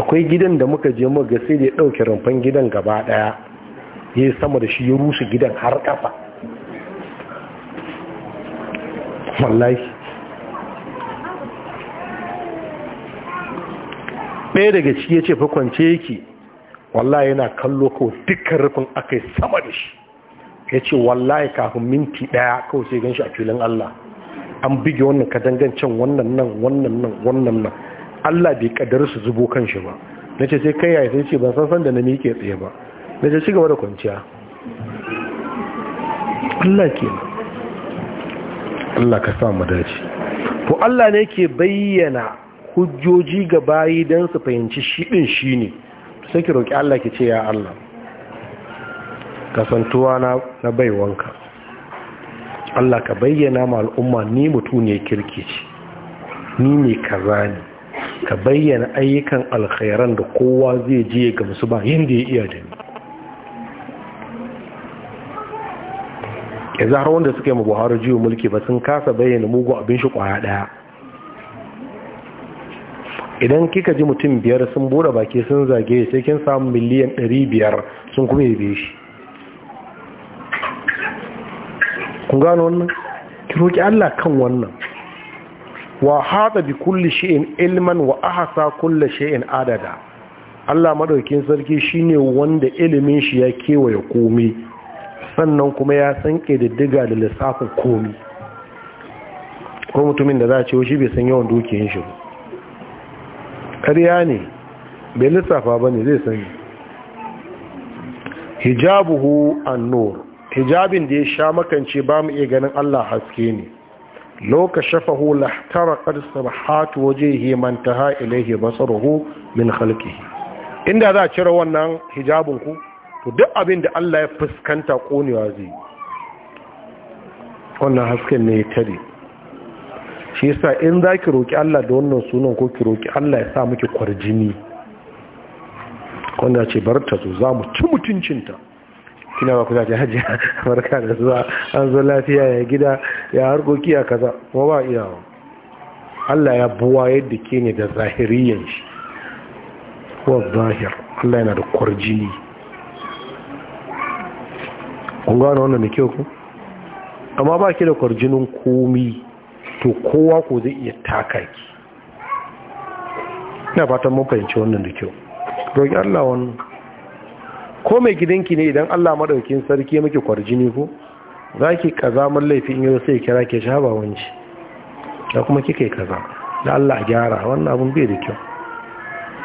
Speaker 1: akwai gidan da muka je muka ga sai da ya ɗauke rumfan gidan gaba ɗaya ya yi sama da shi ya rushe gidan har kafa wallahi ɗaya daga ciki ya ce fakwance yake wallahi yana kallo ko dukkan rufin aka yi sama da shi ya ce wallahi kafin minti ɗaya kawai sai gan shi a filin Allah an bige wannan kadangancen wannan nan wannan nan wannan nan Allah bai kadar su zubo kan shi ba na ce sai kai yaya sai ce ban san san da na mike tsaye ba Mai ta ci da kwanciya Allah ke Allah ka samu dace to Allah ne ke bayyana hujjoji ga bayi don su fahimci shiɗin shi ne sai ki roƙi Allah ki ce ya Allah kasantuwa na baiwanka Allah ka bayyana ma al'umma ni ne kirki ce ni ne kaza ne ka bayyana ayyukan alkhairan da kowa zai je ga musu ba yadda ya iya da ni yanzu har wanda suka yi ma buhari jiwo mulki ba sun kasa bayyana mugu abin shi kwaya daya idan kika ji mutum biyar sun bude baki sun zage sai kin samu miliyan 500 sun kuma yabe shi kun gano wannan ki roki Allah kan wannan wa hada bi kulli shay'in ilman wa ahsa kulli shay'in adada Allah madaukin sarki shine wanda ilimin shi ya kewaye komai sannan kuma ya san ƙididdiga da lissafin komi ko mutumin da za a ce shi bai san yawan dukiyan shi ƙarya ne bai lissafa ba ne zai sani hijabuhu annur hijabin da ya sha makance ba mu iya ganin Allah haske ne loka shafahu lahtara qad sabahatu himanta man taha ilayhi hu min halki. inda za a cire wannan hijabun ku to duk abin da Allah ya fuskanta konewa zai yi. wannan hasken ne ya tare shi yasa in za ki roƙi Allah da wannan sunan ko ki roƙi Allah ya sa miki kwarjini wanda ce bar ta zo za mu ci mutuncinta kina ba ku za ta hajji barka da zuwa an zo lafiya ya gida ya harkoki ya kaza kuma ba iyawa Allah ya buwa yadda ke ne da zahiriyan shi zahir Allah yana da kwarjini kun gano wannan da kyau ku amma ba ki da kwarjinin komi to kowa ko zai iya taka ki ina fatan mun fahimci wannan da kyau Roƙi Allah wannan ko mai gidanki ne idan Allah madaukin sarki ya miki kwarjini ko ki kazamar laifi in yau sai kira ke ba wanci Ya kuma kika yi kaza da Allah gyara wannan abun bai da kyau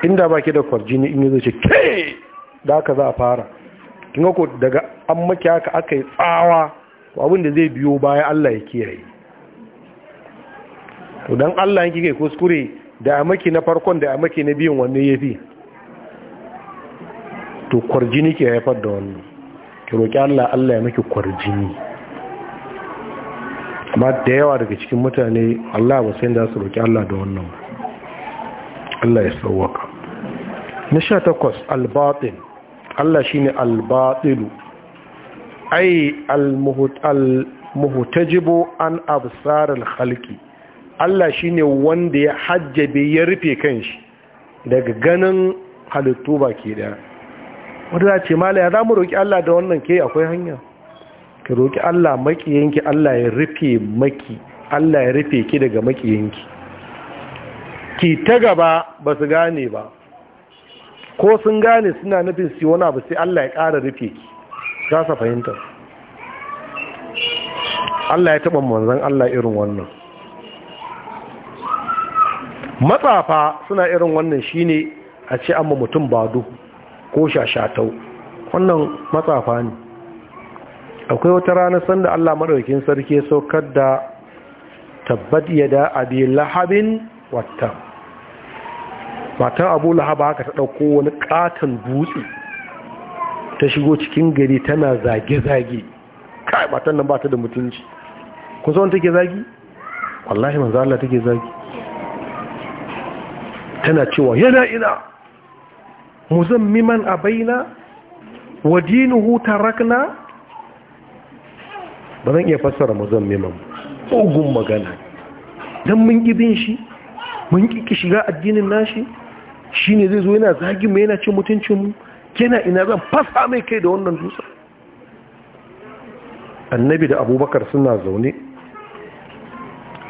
Speaker 1: inda baki da kwarjini in yau ce ke da haka za a fara kin ko daga an maki haka aka yi tsawa to abin da zai biyo baya Allah ya kiyaye to dan Allah yake kai kuskure da a maki na farkon da a maki na biyun wanne yafi to kwarjini ke haifar da wannan ki roki Allah Allah ya maki kwarjini amma da yawa daga cikin mutane Allah ba sai da su roki Allah da wannan Allah ya sauwaka na sha takwas batin Allah shine al-batilu ai al an absar khalqi Allah shine wanda ya hajjabe ya rufe kanshi daga ganin halittu baki daya wanda za ce mala ya zamu roki Allah da wannan ke akwai hanya ki roki Allah makiyanki Allah ya rufe maki Allah ya rufe ki daga makiyinki ki ta gaba ba su gane ba ko sun gane suna nufin su wani abu sai Allah ya ƙara rufe ki kasa fahimta Allah ya taɓa manzan Allah irin wannan matsafa suna irin wannan shine a ce amma mutum badu ko shashatau wannan matsafa ne akwai wata ranar sanda Allah maɗaukin sarki ya saukar da tabbat yada abi lahabin wata matan abu lahaba haka ta ɗauko wani ƙaton dutse ta shigo cikin gari tana zage-zage kai matan nan ba ta da mutunci kun wani take zagi wallahi manzo Allah take zagi tana cewa yana ina muzammiman abaina wa dinuhu tarakna ba zan iya fassara muzammiman ogun magana dan mun gibin shi mun kiki shiga addinin nashi shine zai zo yana zagi mu yana cin mutuncin mu kina ina zan fasa mai kai da wannan dutsen annabi da abubakar suna zaune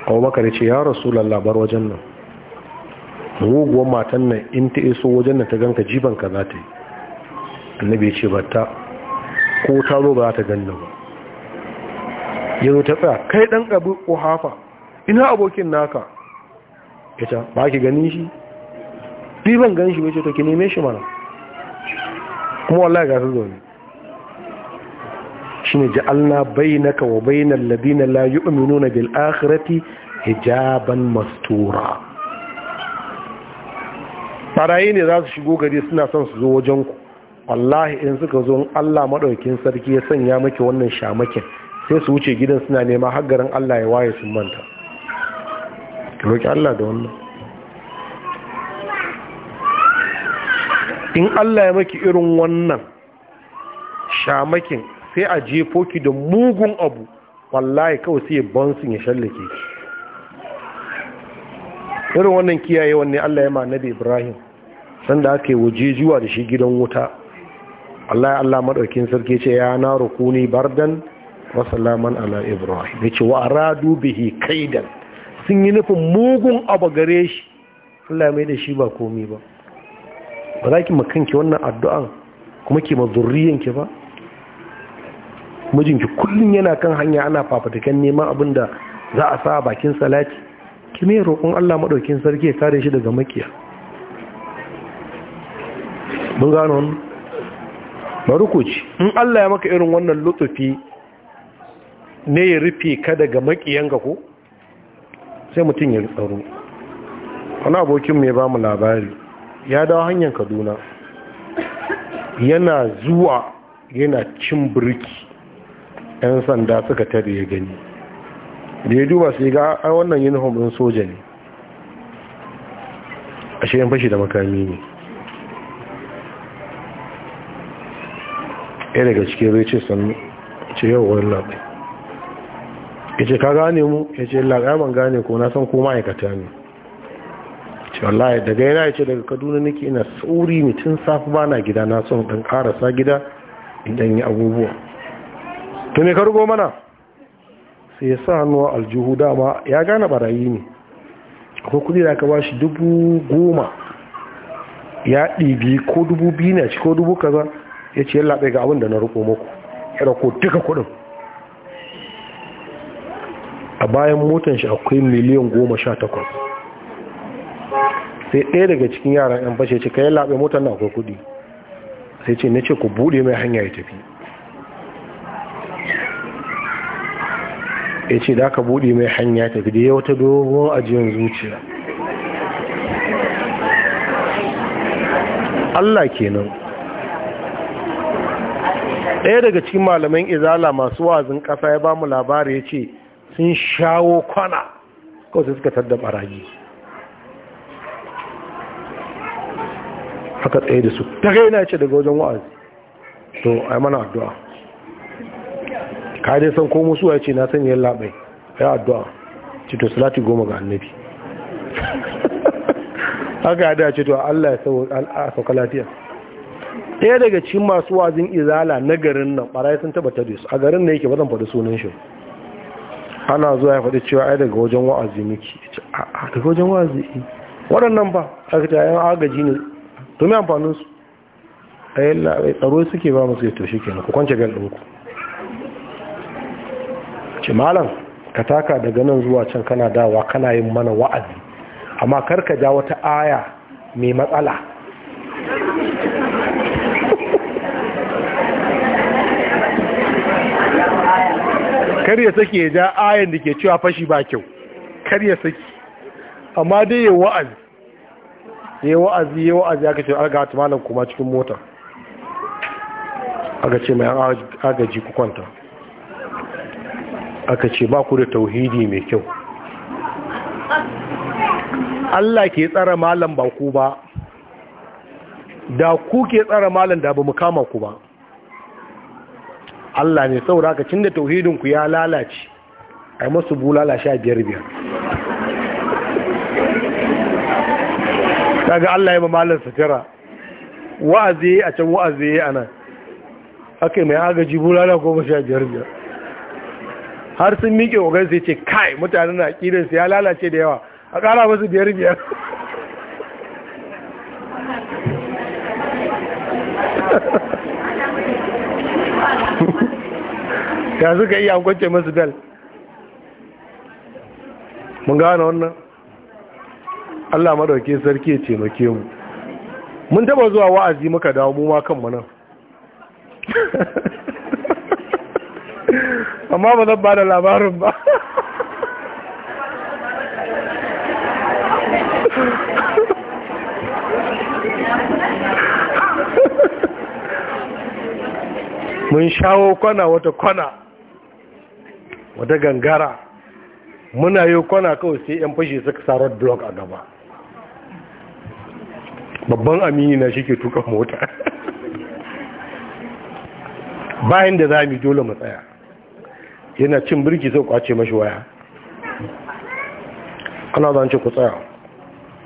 Speaker 1: abubakar ya ce ya rasu labar wajen nan muguwan matan nan in ta iso wajen nan ta ganka jibanka za ta yi annabi ya ce ba ta ko ta zo ba za ta ganna ba yanzu ta tsaya kai ɗan abu hafa ina abokin naka ita ba ki ganin shi ɗiban ganin shi wace to ki neme shi mana kuma wallahi ga su shi ne ja'alna bainaka wa bainal ladina layu yu'minuna bil akhirati hijaban mastura barayi ne za su shigo gari suna son su zo wajen ku wallahi in suka zo Allah maɗaukin sarki ya sanya maki wannan shamakin sai su wuce gidan suna nema har garin Allah ya waye sun manta roƙi Allah da wannan in Allah ya maki irin wannan shamakin sai a jefo ki da mugun abu wallahi kawai sai bansin ya shallake ki irin wannan kiyaye wanne Allah ya ma nabi Ibrahim sanda aka yi zuwa da shi gidan wuta Allah ya Allah madaukin sarki ce ya na rukuni bardan wa salaman ala Ibrahim yace wa aradu bihi kaidan sun yi nufin mugun abu gare shi Allah mai da shi ba komi ba ba za ki makanki wannan addu'an kuma ki mazurriyanki ba mijinki kullum yana kan hanya ana fafatakan neman abin da za a sa bakin salati ki mai roƙon Allah maɗaukin sarki ya kare shi daga makiya mun gano wani marukuci in Allah ya maka irin wannan lutsufi ne ya rufe ka daga ga ko sai mutum ya tsaro wani abokin mai ba mu labari ya dawo hanyar kaduna yana zuwa yana cin birki 'yan sanda suka tare ya gani da ya duba sai ga a wannan uniform ɗin soja ne ashe yan fashi da makami ne ya daga cikin rachel sannu ce yau wani labai ya ce ka gane mu ya ce lagaman gane ko na san ko ma'aikata ne ce wallahi daga yana ya ce daga kaduna nake ina tsori ne tun safi ba na gida na son dan karasa gida idan yi abubuwa to ne kargo mana sai ya sa hannuwa aljihu dama ya gane barayi ne ko kudi da aka ba shi dubu goma ya ɗibi ko dubu biyu ne ko dubu kaza ya ce yalla ga abin da na riko muku ya rako duka kudin a bayan motan shi akwai miliyan goma sha takwas sai ɗaya daga cikin yaran yan fashe ce kayan labe motar na akwai kuɗi sai ce na ce ku buɗe mai hanya ya tafi ya ce da ka buɗe mai hanya ya tafi da ya wata dogon ajiyar zuciya Allah kenan ɗaya daga cikin malaman izala masu wazin ƙasa ya ba mu labari ya ce sun shawo kwana kawai suka tadda ɓarayi aka tsaye da su ta gaina ce daga wajen wa'azi to a yi mana addu'a ka dai san ko musu ya ce na sanya yin labai ya addu'a ce to salati goma ga annabi haka da ce to Allah ya sauka lafiya ɗaya daga cikin masu wazin izala na garin nan ɓarayi sun tabbata da su a garin nan yake ba zan faɗi sunan shi ana zuwa ya faɗi cewa ai daga wajen wa'azi miki a daga wajen wa'azi waɗannan ba a ga agaji ne to amfanin su ayin eh, labai eh, tsaro suke ba masu yato shi kenan ku kwance gan ɗinku ce malam ka taka daga nan zuwa can kana dawa kana yin mana wa'azi amma kar ka ja wata aya mai matsala kar ya sake ya ja ayan da ke cewa fashi ba kyau kar ya sake amma dai ya wa'azi ya wa'azi ya wa'azi aka ce aga ta malam kuma cikin mota aka ce mai agaji ku kwanta aka ce ba ku da tauhidi mai kyau Allah ke tsara malam ba ku ba da ku ke tsara malam da ba mu kama ku ba Allah ne saboda haka cin da tauhidinku ya lalace ai masu bulala a biyar biyar kaga Allah ya malin sutura wa'azi a can wa'azi a nan aka mai agaji bulala goma a jihar biyar har sun miƙe ogan sai ce kai mutane na ƙidansu ya lalace da yawa a ƙara masu biyar biyar ya suka iya an masu bel mun gane wannan Allah madauke sarki ya taimake mu mun taba zuwa wa'azi muka dawo mu ma kanmu nan amma ba zan ba labarin ba mun shawo kwana wata kwana wata gangara muna yi kwana kawai sai 'yan fashe suka sarar blog a gaba babban amini na shi ke tuka mota bayan da za mu dole mu tsaya yana cin birki sai kwace mashi waya ana ce ku tsaya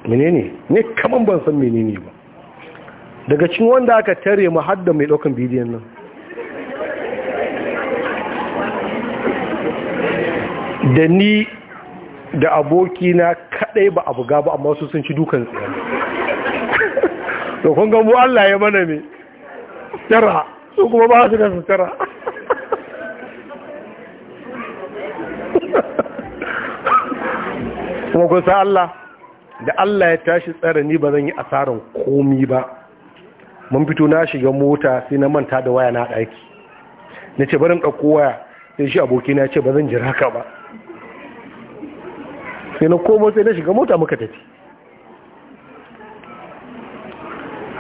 Speaker 1: menene ne kaman ban san menene ba daga cin wanda aka tare mu hadda mai daukan bidiyon nan da ni da abokina kadai ba a buga ba amma su sun ci dukan tsaye to kun ga mu Allah ya mana ne Tara su kuma ba su da tara. kuma kun san Allah da Allah ya tashi tsara ni ba zan yi asaran komi ba mun fito na shiga mota sai na manta da waya na ɗaki na ce barin ɗauko waya sai shi aboki na ce ba zan jira ka ba sai na komo sai na shiga mota muka tafi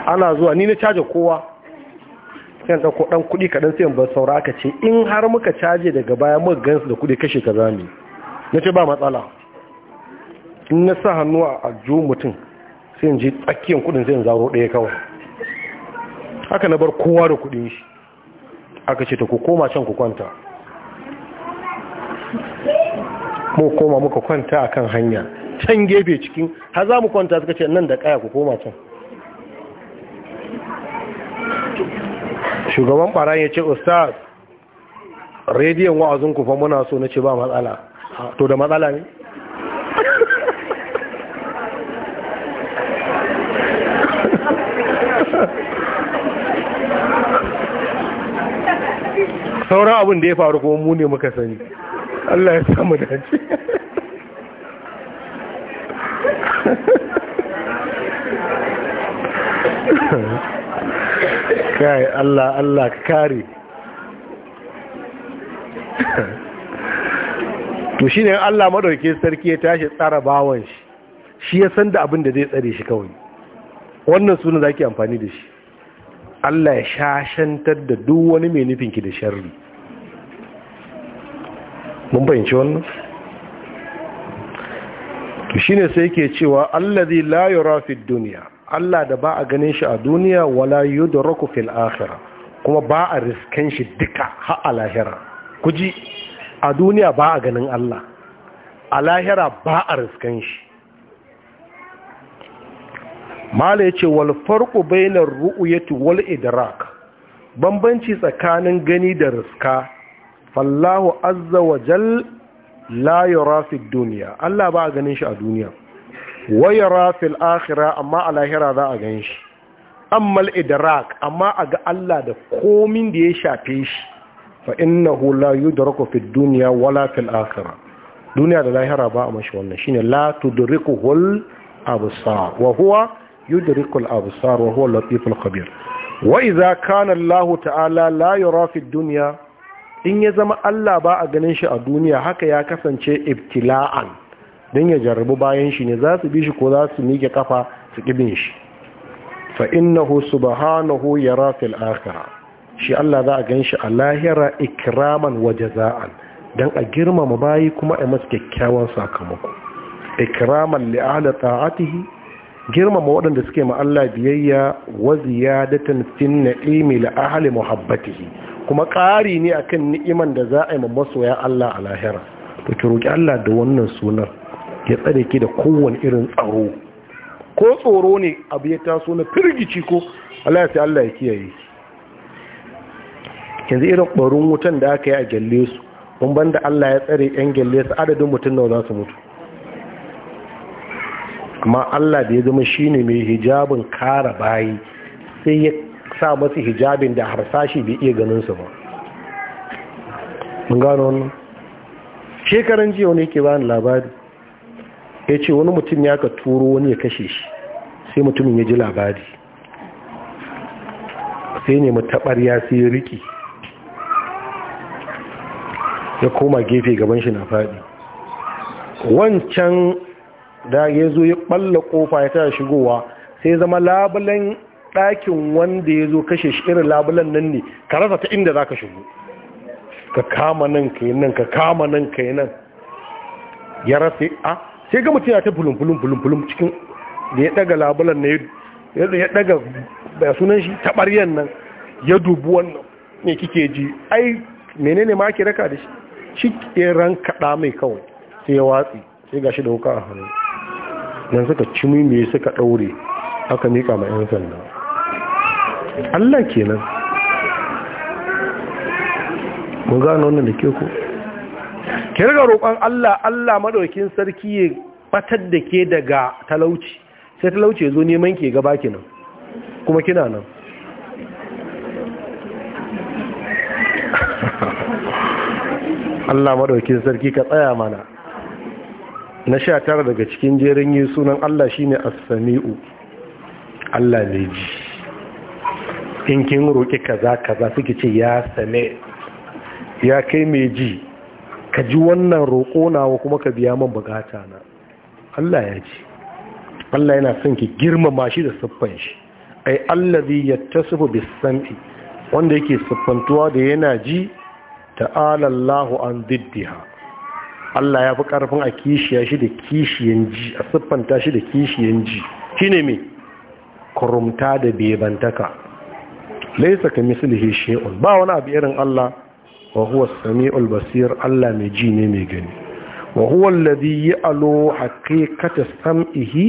Speaker 1: ana zuwa ni na caja kowa sai ta ɗauko ɗan kuɗi kaɗan sai ban saura aka ce in har muka caje daga baya mu gansu da kuɗi kashe ka zami na ce ba matsala in na sa hannu a ju mutum sai in ji tsakiyar kudin sai in zaro ɗaya kawai haka na bar kowa da kudin shi aka ce ta ku koma can ku kwanta mu koma muka kwanta akan hanya can gefe cikin har za mu kwanta suka ce nan da kaya ku koma can shugaban ɓaran ya ce ustaz rediyon wa'azin kufa muna so na ce ba matsala to da matsala ne sauran abin da ya faru kuma mu ne muka sani Allah ya samu ce Thank you. kai Allah Allah ka kare to shi ne Allah madauke sarki ya tashi tsara bawan shi shi ya san da abin da zai tsare shi kawai wannan suna za ki amfani da shi Allah ya shashantar da duk wani mai nufinki da sharri mun fahimci wannan to shi ne sai ke cewa allazi la yura fi duniya Allah da ba a ganin shi a duniya wala yudraku fil akhirah kuma ba a risken shi duka har a lahira kuji a duniya ba a ganin Allah a lahira ba a risken shi mala yace wal farqu bainar ru'yati wal idrak bambanci tsakanin gani da riska fallahu azza wa jal la yura fi dunya Allah ba a ganin shi a duniya wayara fil akhira amma a lahira za a gan shi ammal idrak amma a ga Allah da komin da ya shafe shi fa innahu la yudraku fid dunya wala fil akhira. duniya da lahira ba a mashi wannan shine la hul absar wa huwa yudrikul absar wa huwa latiful khabir wa idza kana Allah ta'ala la yura fid dunya in ya zama Allah ba a ganin shi a duniya haka ya kasance ibtila'an don ya jarrabu bayan shi ne za su bi shi ko za su miƙe kafa su ƙibin shi fa innahu subhanahu ya fil akhirah shi Allah za a ganshi a lahira ikraman wa jaza'an don a girmama bayi kuma a masu kyakkyawan sakamako ikraman li ahli ta'atihi girmama waɗanda suke ma Allah biyayya wa ziyadatan fin na'imi li ahli muhabbatihi kuma ƙari ne akan ni'iman da za a yi ma masoya Allah a lahira to ki roki Allah da wannan sunar ya tsare ki da kowane irin tsaro ko tsoro ne abu ya taso na firgici ko Allah ya Allah ya kiyaye yanzu irin ɓarin wutan da aka yi a gyalle su mun banda Allah ya tsare yan gyalle su adadin mutum nawa za su mutu amma Allah da ya zama shine mai hijabin kara bayi sai ya sa masu hijabin da harsashi bai iya ganin su ba mun gano wannan shekaran jiya wani ke bani labari ya ce wani mutum ya ka turo wani ya kashe shi sai mutumin ya ji labari sai ne ya sai ya ya koma gefe gaban shi na faɗi wancan da ya zo ya ɓalla ƙofa ya ta shigowa sai zama labulan ɗakin wanda ya zo kashe shi irin labulan nan ne ka rasa ta inda za ka shigo ka kama nan ka yi nan ka kama nan ka yi nan ya rasa a ah, sai ga mutum ya ta fulun fulun fulun fulun cikin da ya daga labulan ne ya daga bai sunan shi tabaryan nan ya dubu wannan ne kike ji ai menene ma ke raka da shi shi ke ran kada mai kawai sai ya watsi sai gashi da wuka a hannu nan suka cimi me suka daure aka mika ma yan sanda Allah kenan mun gano wannan da ke ku ki daga roƙon Allah Allah maɗaukin sarki ya batar da ke daga talauci sai talauci ya zo neman ke gaba ki nan kuma kina nan Allah maɗaukin sarki ka tsaya mana na sha tara daga cikin jerin yi sunan Allah shi as-sami'u Allah ne ji in kin roƙi kaza kaza suke ce ya same ya kai mai ji ka ji wannan roƙo nawa kuma ka biya man bukata na Allah ya ce Allah yana son ki girmama shi da siffan shi ai allazi yattasifu bis wanda yake siffantuwa da yana ji ta'ala Allahu an diddiha Allah ya fi karfin a kishiya shi da kishiyan ji a siffanta shi da kishiyan ji shine me kurumta da bebantaka laisa ka mislihi shay'un ba wani abu irin Allah wa huwa sami'ul basir Allah mai ji ne mai gani wa huwa alladhi ya'lamu haqiqata sam'ihi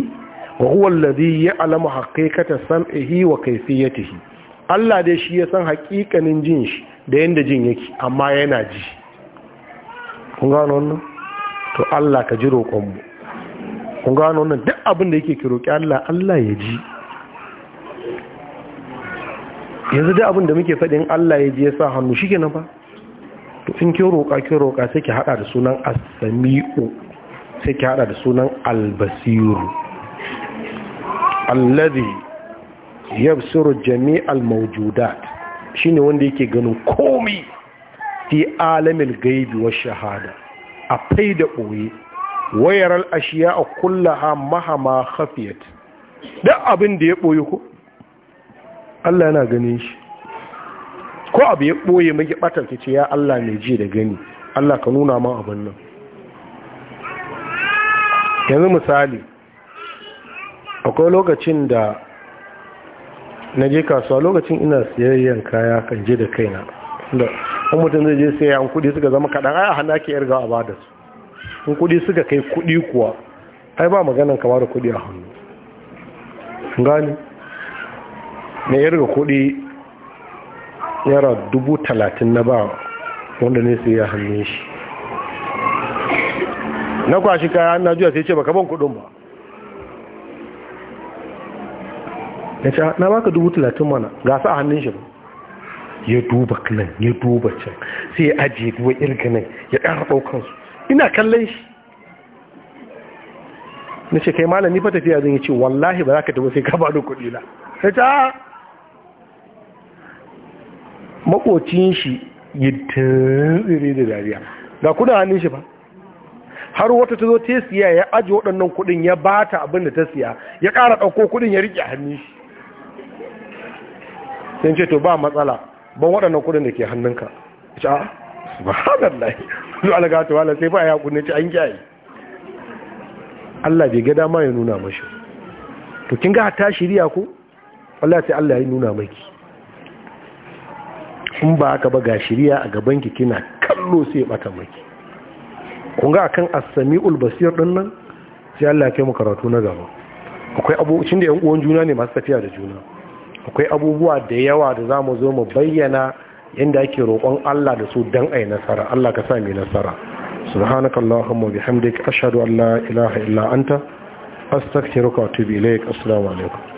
Speaker 1: wa huwa alladhi ya'lamu haqiqata sam'ihi wa kayfiyatihi Allah dai shi ya san haƙiƙanin jin shi da yanda jin yake amma yana ji kun gano wannan to Allah ka ji roƙon mu kun gano wannan duk abin da yake ki roƙi Allah Allah ya ji yanzu duk abin da muke faɗin Allah ya ji ya sa hannu shikenan ba? in kin roƙa kin roƙa sai ki hada da sunan as-sami'u sai ki hada da sunan al-basiru allazi yabsiru jami'al mawjudat shine wanda yake ganin komai fi alamil gaibi wa shahada a fai da ɓoye wayar al'ashiya a kullaha mahama hafiyat da abin da ya ɓoye ku Allah yana ganin shi ko abu ya ɓoye maki ɓatar ki ce ya Allah mai ji da gani Allah ka nuna ma abin nan yanzu misali akwai lokacin da na je kasuwa lokacin ina siyayyan kaya kan je da kaina da an mutum zai je an kudi suka zama kaɗan aya a hannu ake yarga a bada su in kudi suka kai kudi kuwa ai ba maganan kama da kudi a hannu gani na yarga kudi yara dubu talatin na ba wanda ne sai ya hannun shi na kwashi kaya na najuwa sai ce ba ban kudin ba ya ce na baka dubu talatin mana gasa a hannun shi ba ya duba kanan ya duba can sai ya ajiye duwa irganin ya ƙara ɗaukansu ina kallon shi na ce kai malami fa tafiya zan yi ce wallahi ba za ka taɓa sai ka ba da kuɗi na ta makocin shi ya tunzire da dariya ga kuna hannun shi ba har wata ta zo ta siya ya aji waɗannan kudin ya ba ta abin da ta siya ya ƙara ɗauko kudin ya riƙe hannun shi sun ce to ba matsala ban waɗannan kudin da ke hannunka ca lai zuwa algatu wala sai ba ya kunne ci an kyaye Allah bai ga dama ya nuna mashi to kin ga ta shirya ko wallah sai Allah ya nuna maki in ba haka ba ga shirya a gaban ki kina kallo sai bata maki kun ga akan as-sami'ul basir din nan sai Allah ya kai mu karatu na gaba akwai Shin da yan uwan juna ne masu tafiya da juna akwai abubuwa da yawa da za mu zo mu bayyana yanda ake roƙon Allah da su dan ai nasara Allah ka sa mu nasara subhanakallahumma bihamdika ashhadu an la ilaha illa anta astaghfiruka wa atubu ilaik assalamu alaikum